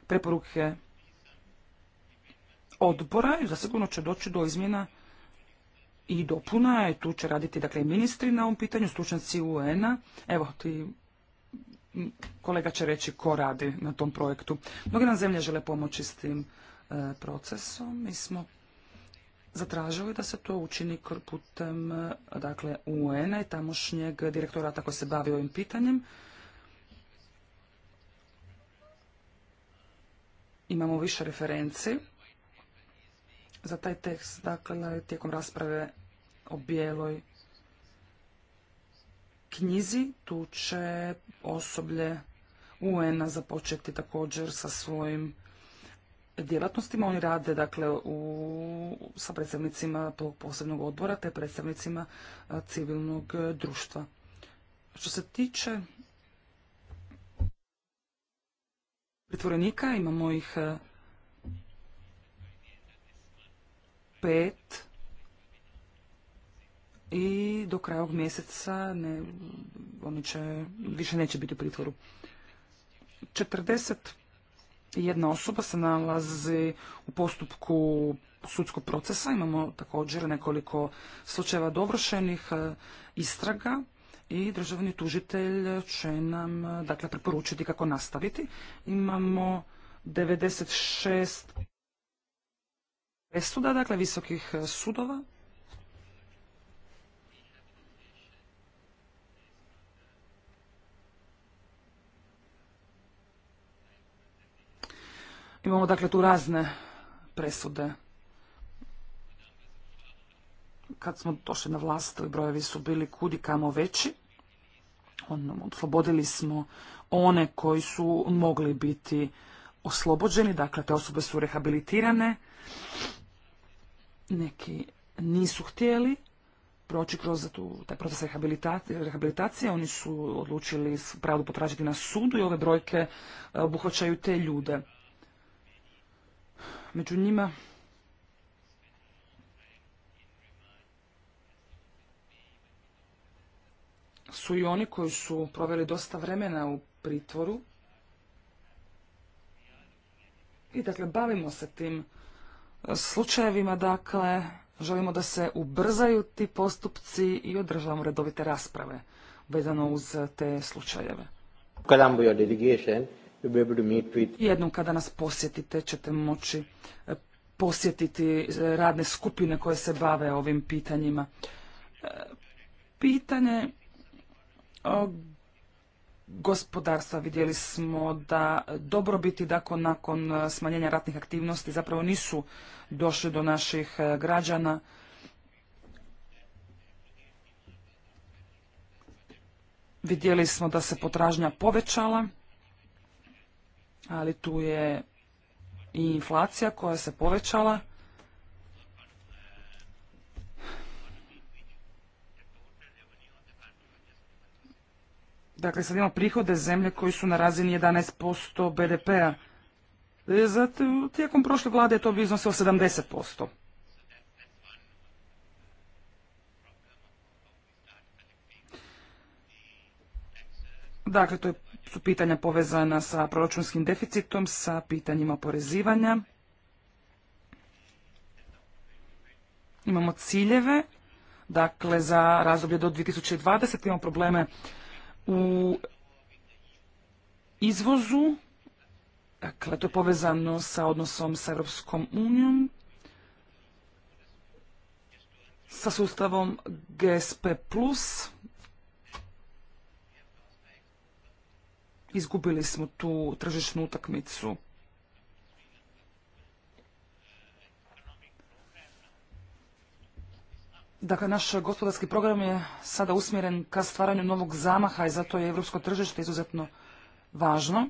Preporuke odbora i zasigurno će doći do izmjena i dopuna. I tu će raditi, dakle, ministri na ovom pitanju, stručnjaci UN-a. Evo, ti kolega će reći ko radi na tom projektu. Mnogi nam zemlje žele pomoći s tim eh, procesom. Mi smo zatražili da se to učini putem e, dakle, UN-a i tamošnjeg direktorata koji se bavi ovim pitanjem. Imamo više referenci za taj tekst, dakle, tijekom rasprave o bijeloj knjizi. Tu će osoblje UN-a započeti također sa svojim djelatnostima. Oni rade dakle u sa predstavnicima tog posebnog odbora te predstavnicima civilnog e, društva. Što se tiče pritvorenika, imamo ih e, pet i do kraja ovog mjeseca oni će, više neće biti u pritvoru. 40 jedna osoba se nalazi u postupku sudskog procesa. Imamo također nekoliko slučajeva dovršenih e, istraga i državni tužitelj će nam e, dakle, preporučiti kako nastaviti. Imamo 96 presuda, dakle visokih e, sudova. Imamo dakle tu razne presude kad smo došli na vlast, brojevi su bili kudi kamo veći. oslobodili smo one koji su mogli biti oslobođeni, dakle te osobe su rehabilitirane. Neki nisu htjeli proći kroz tu, taj proces rehabilitacije, rehabilitacije, oni su odlučili pravdu potražiti na sudu i ove brojke e, obuhvaćaju te ljude. Među njima su i oni koji su proveli dosta vremena u pritvoru. I dakle, bavimo se tim e, slučajevima, dakle, želimo da se ubrzaju ti postupci i održavamo redovite rasprave vezano uz te slučajeve. Jednom kada nas posjetite ćete moći e, posjetiti e, radne skupine koje se bave ovim pitanjima. Pitanje gospodarstva vidjeli smo da dobrobiti dakle, nakon e, smanjenja ratnih aktivnosti zapravo nisu došli do naših e, građana. Vidjeli smo da se potražnja povećala, ali tu je i inflacija koja se povećala. Dakle, sad imamo prihode zemlje koji su na razini 11% BDP-a. E, tijekom prošle vlade je to bi iznosilo 70%. Dakle, to su pitanja povezana sa proračunskim deficitom, sa pitanjima porezivanja. Imamo ciljeve, dakle, za razdoblje do 2020. Imamo probleme u izvozu, dakle to je povezano sa odnosom sa Europskom unijom, sa sustavom GSP+, izgubili smo tu tržišnu utakmicu. Dakle, naš gospodarski program je sada usmjeren ka stvaranju novog zamaha i zato je evropsko tržište izuzetno važno.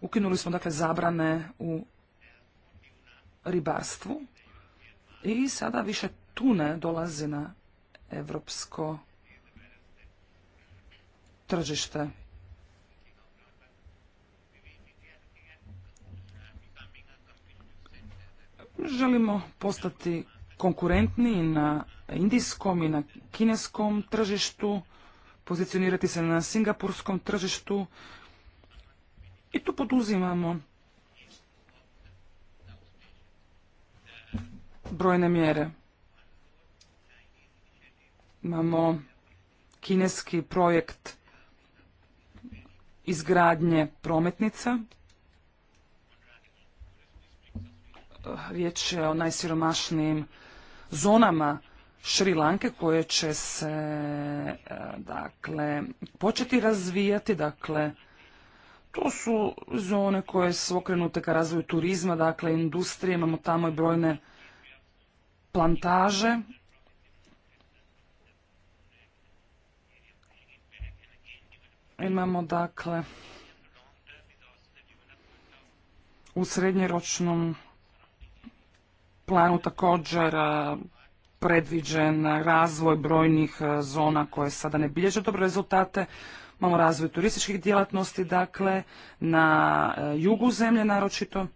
Ukinuli smo dakle zabrane u ribarstvu i sada više tune dolazi na evropsko tržište. Želimo postati konkurentni na indijskom i na kineskom tržištu, pozicionirati se na singapurskom tržištu i tu poduzimamo brojne mjere. Imamo kineski projekt izgradnje prometnica riječ je o najsiromašnijim zonama Šri Lanke koje će se e, dakle početi razvijati, dakle to su zone koje su okrenute ka razvoju turizma, dakle industrije, imamo tamo i brojne plantaže. Imamo dakle u srednjeročnom planu također e, predviđen razvoj brojnih e, zona koje sada ne bilježe dobre rezultate. Imamo razvoj turističkih djelatnosti, dakle, na e, jugu zemlje naročito.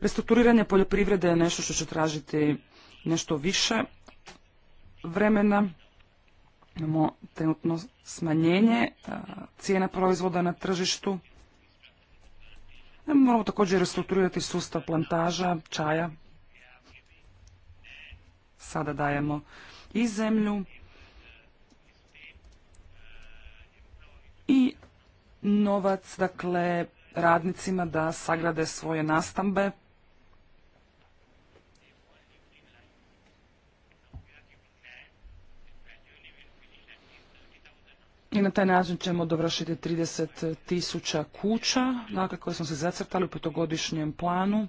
Restrukturiranje poljoprivrede je nešto što će tražiti nešto više vremena. Imamo trenutno smanjenje cijena proizvoda na tržištu. Moramo također restrukturirati sustav plantaža, čaja. Sada dajemo i zemlju i novac, dakle, radnicima da sagrade svoje nastambe, I na taj način ćemo dovršiti 30 tisuća kuća, dakle, koje smo se zacrtali u petogodišnjem planu.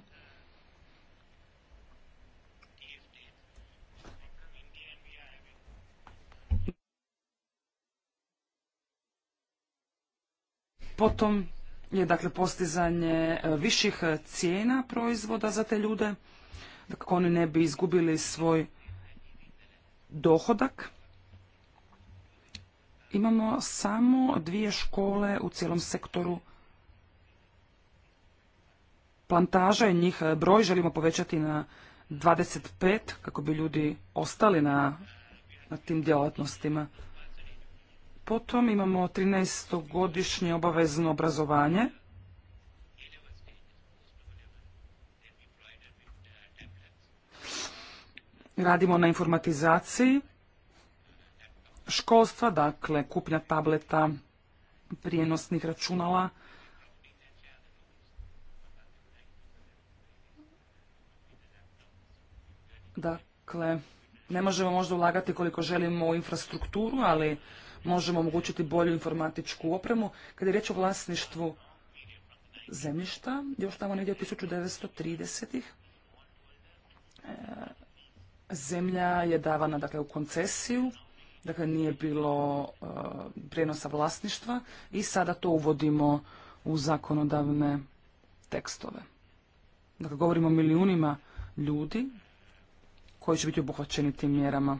Potom je dakle postizanje e, viših e, cijena proizvoda za te ljude, kako oni ne bi izgubili svoj dohodak imamo samo dvije škole u cijelom sektoru plantaža i njih broj želimo povećati na 25 kako bi ljudi ostali na, na tim djelatnostima. Potom imamo 13-godišnje obavezno obrazovanje. Radimo na informatizaciji školstva, dakle kupnja tableta, prijenosnih računala. Dakle, ne možemo možda ulagati koliko želimo u infrastrukturu, ali možemo omogućiti bolju informatičku opremu. Kad je riječ o vlasništvu zemljišta, još tamo negdje od 1930-ih, e, zemlja je davana dakle, u koncesiju, dakle nije bilo e, prijenosa vlasništva i sada to uvodimo u zakonodavne tekstove. Dakle, govorimo o milijunima ljudi koji će biti obuhvaćeni tim mjerama.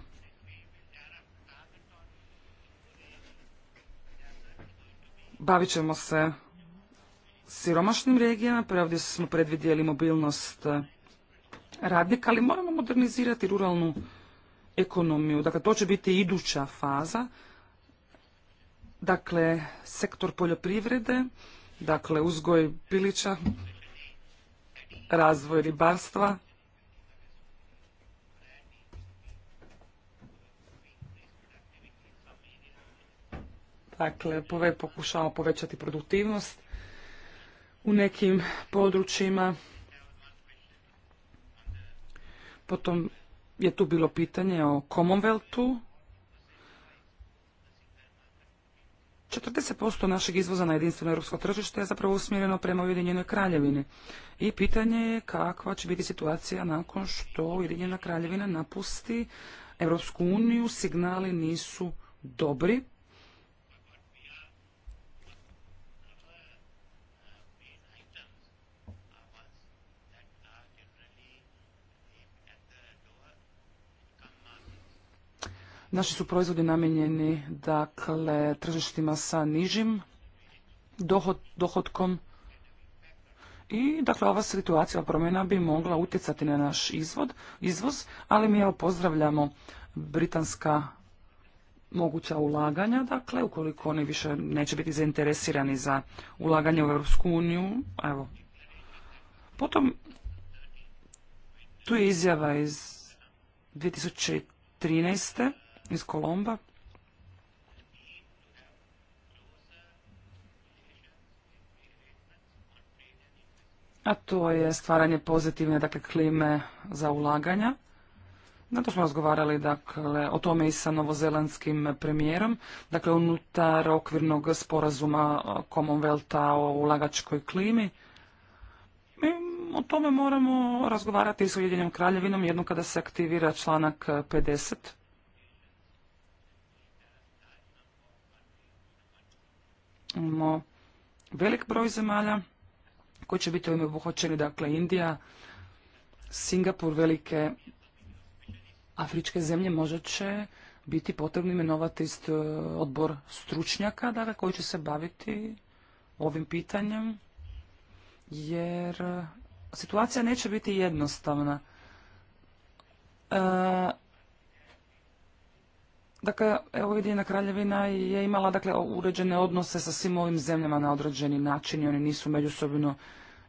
Bavit ćemo se siromašnim regijama, pa ovdje smo predvidjeli mobilnost radnika, ali moramo modernizirati ruralnu ekonomiju. Dakle, to će biti iduća faza. Dakle, sektor poljoprivrede, dakle, uzgoj pilića, razvoj ribarstva, Dakle, pove, pokušavamo povećati produktivnost u nekim područjima. Potom je tu bilo pitanje o Commonwealthu. 40% našeg izvoza na jedinstveno europsko tržište je zapravo usmjereno prema Ujedinjenoj kraljevini. I pitanje je kakva će biti situacija nakon što Ujedinjena kraljevina napusti Europsku uniju. Signali nisu dobri. Naši su proizvodi namijenjeni dakle tržištima sa nižim dohod, dohodkom i dakle ova situacija promjena bi mogla utjecati na naš izvod, izvoz, ali mi evo pozdravljamo britanska moguća ulaganja, dakle ukoliko oni više neće biti zainteresirani za ulaganje u Europsku uniju, evo. Potom tu je izjava iz 2013 iz Kolomba. A to je stvaranje pozitivne dakle, klime za ulaganja. Zato smo razgovarali dakle, o tome i sa novozelandskim premijerom, dakle unutar okvirnog sporazuma Commonwealtha o ulagačkoj klimi. Mi o tome moramo razgovarati s Ujedinjenom kraljevinom jednom kada se aktivira članak 50. imamo velik broj zemalja koji će biti ovime obuhvaćeni, dakle Indija, Singapur, velike afričke zemlje, možda će biti potrebno imenovati e, odbor stručnjaka dakle, koji će se baviti ovim pitanjem, jer e, situacija neće biti jednostavna. E, Dakle, evo Ujedinjena kraljevina je imala dakle, uređene odnose sa svim ovim zemljama na određeni način i oni nisu međusobno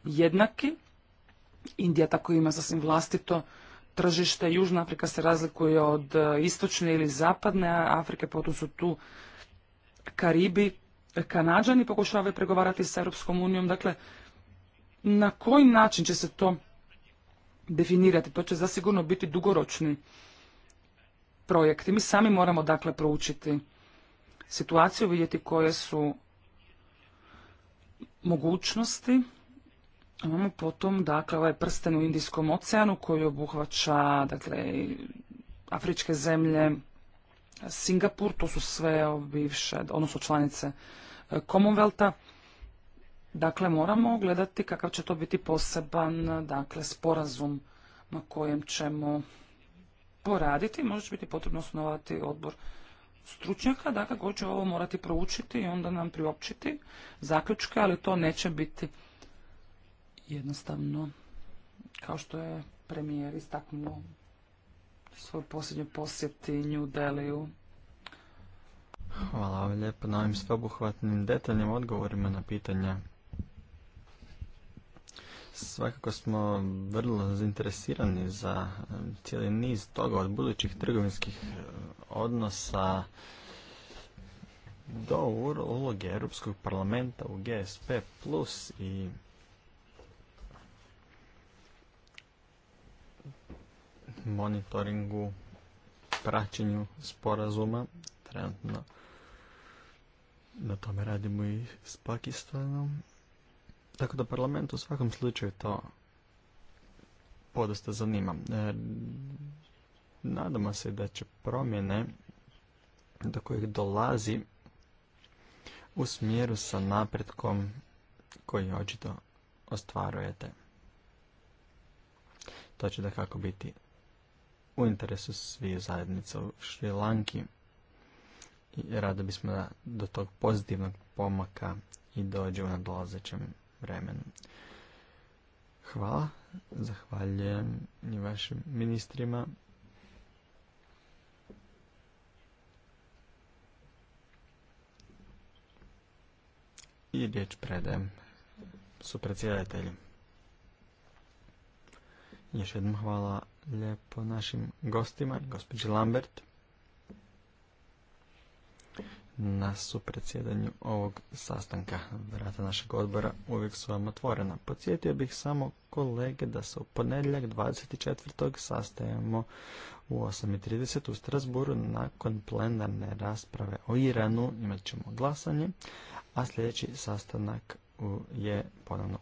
jednaki. Indija tako ima sasvim vlastito tržište. Južna Afrika se razlikuje od e, istočne ili zapadne Afrike, potom su tu Karibi, Kanađani pokušavaju pregovarati sa Europskom unijom. Dakle, na koji način će se to definirati? To će zasigurno biti dugoročni projekti. Mi sami moramo dakle proučiti situaciju, vidjeti koje su mogućnosti. Imamo potom dakle ovaj prsten u Indijskom oceanu koji obuhvaća dakle afričke zemlje, Singapur, to su sve bivše, odnosno članice e, Commonwealtha. Dakle, moramo gledati kakav će to biti poseban dakle, sporazum na kojem ćemo poraditi, će biti potrebno osnovati odbor stručnjaka, da dakle, koji će ovo morati proučiti i onda nam priopćiti zaključke, ali to neće biti jednostavno kao što je premijer istaknuo svoju posljednju posjeti New Deliju. Hvala vam lijepo na ovim sveobuhvatnim detaljnim odgovorima na pitanja Svakako smo vrlo zainteresirani za e, cijeli niz toga od budućih trgovinskih e, odnosa do uloge Europskog parlamenta u GSP plus i monitoringu, praćenju sporazuma. Trenutno na tome radimo i s Pakistanom. Tako da parlament u svakom slučaju to podosta zanima. E, nadamo se da će promjene do kojih dolazi u smjeru sa napretkom koji očito ostvarujete. To će da kako biti u interesu svih zajednica u Šrilanki i rado bismo da do tog pozitivnog pomaka i dođe u nadolazećem vremenu. Hvala, zahvaljujem i vašim ministrima. I riječ predajem su predsjedatelji. Još jednom hvala lijepo našim gostima, gospođi Lambert na supredsjedanju ovog sastanka. Vrata našeg odbora uvijek su vam otvorena. Podsjetio bih samo kolege da se u ponedjeljak 24. sastajemo u 8.30 u Strasburu nakon plenarne rasprave o Iranu. Imat ćemo glasanje, a sljedeći sastanak je ponovno u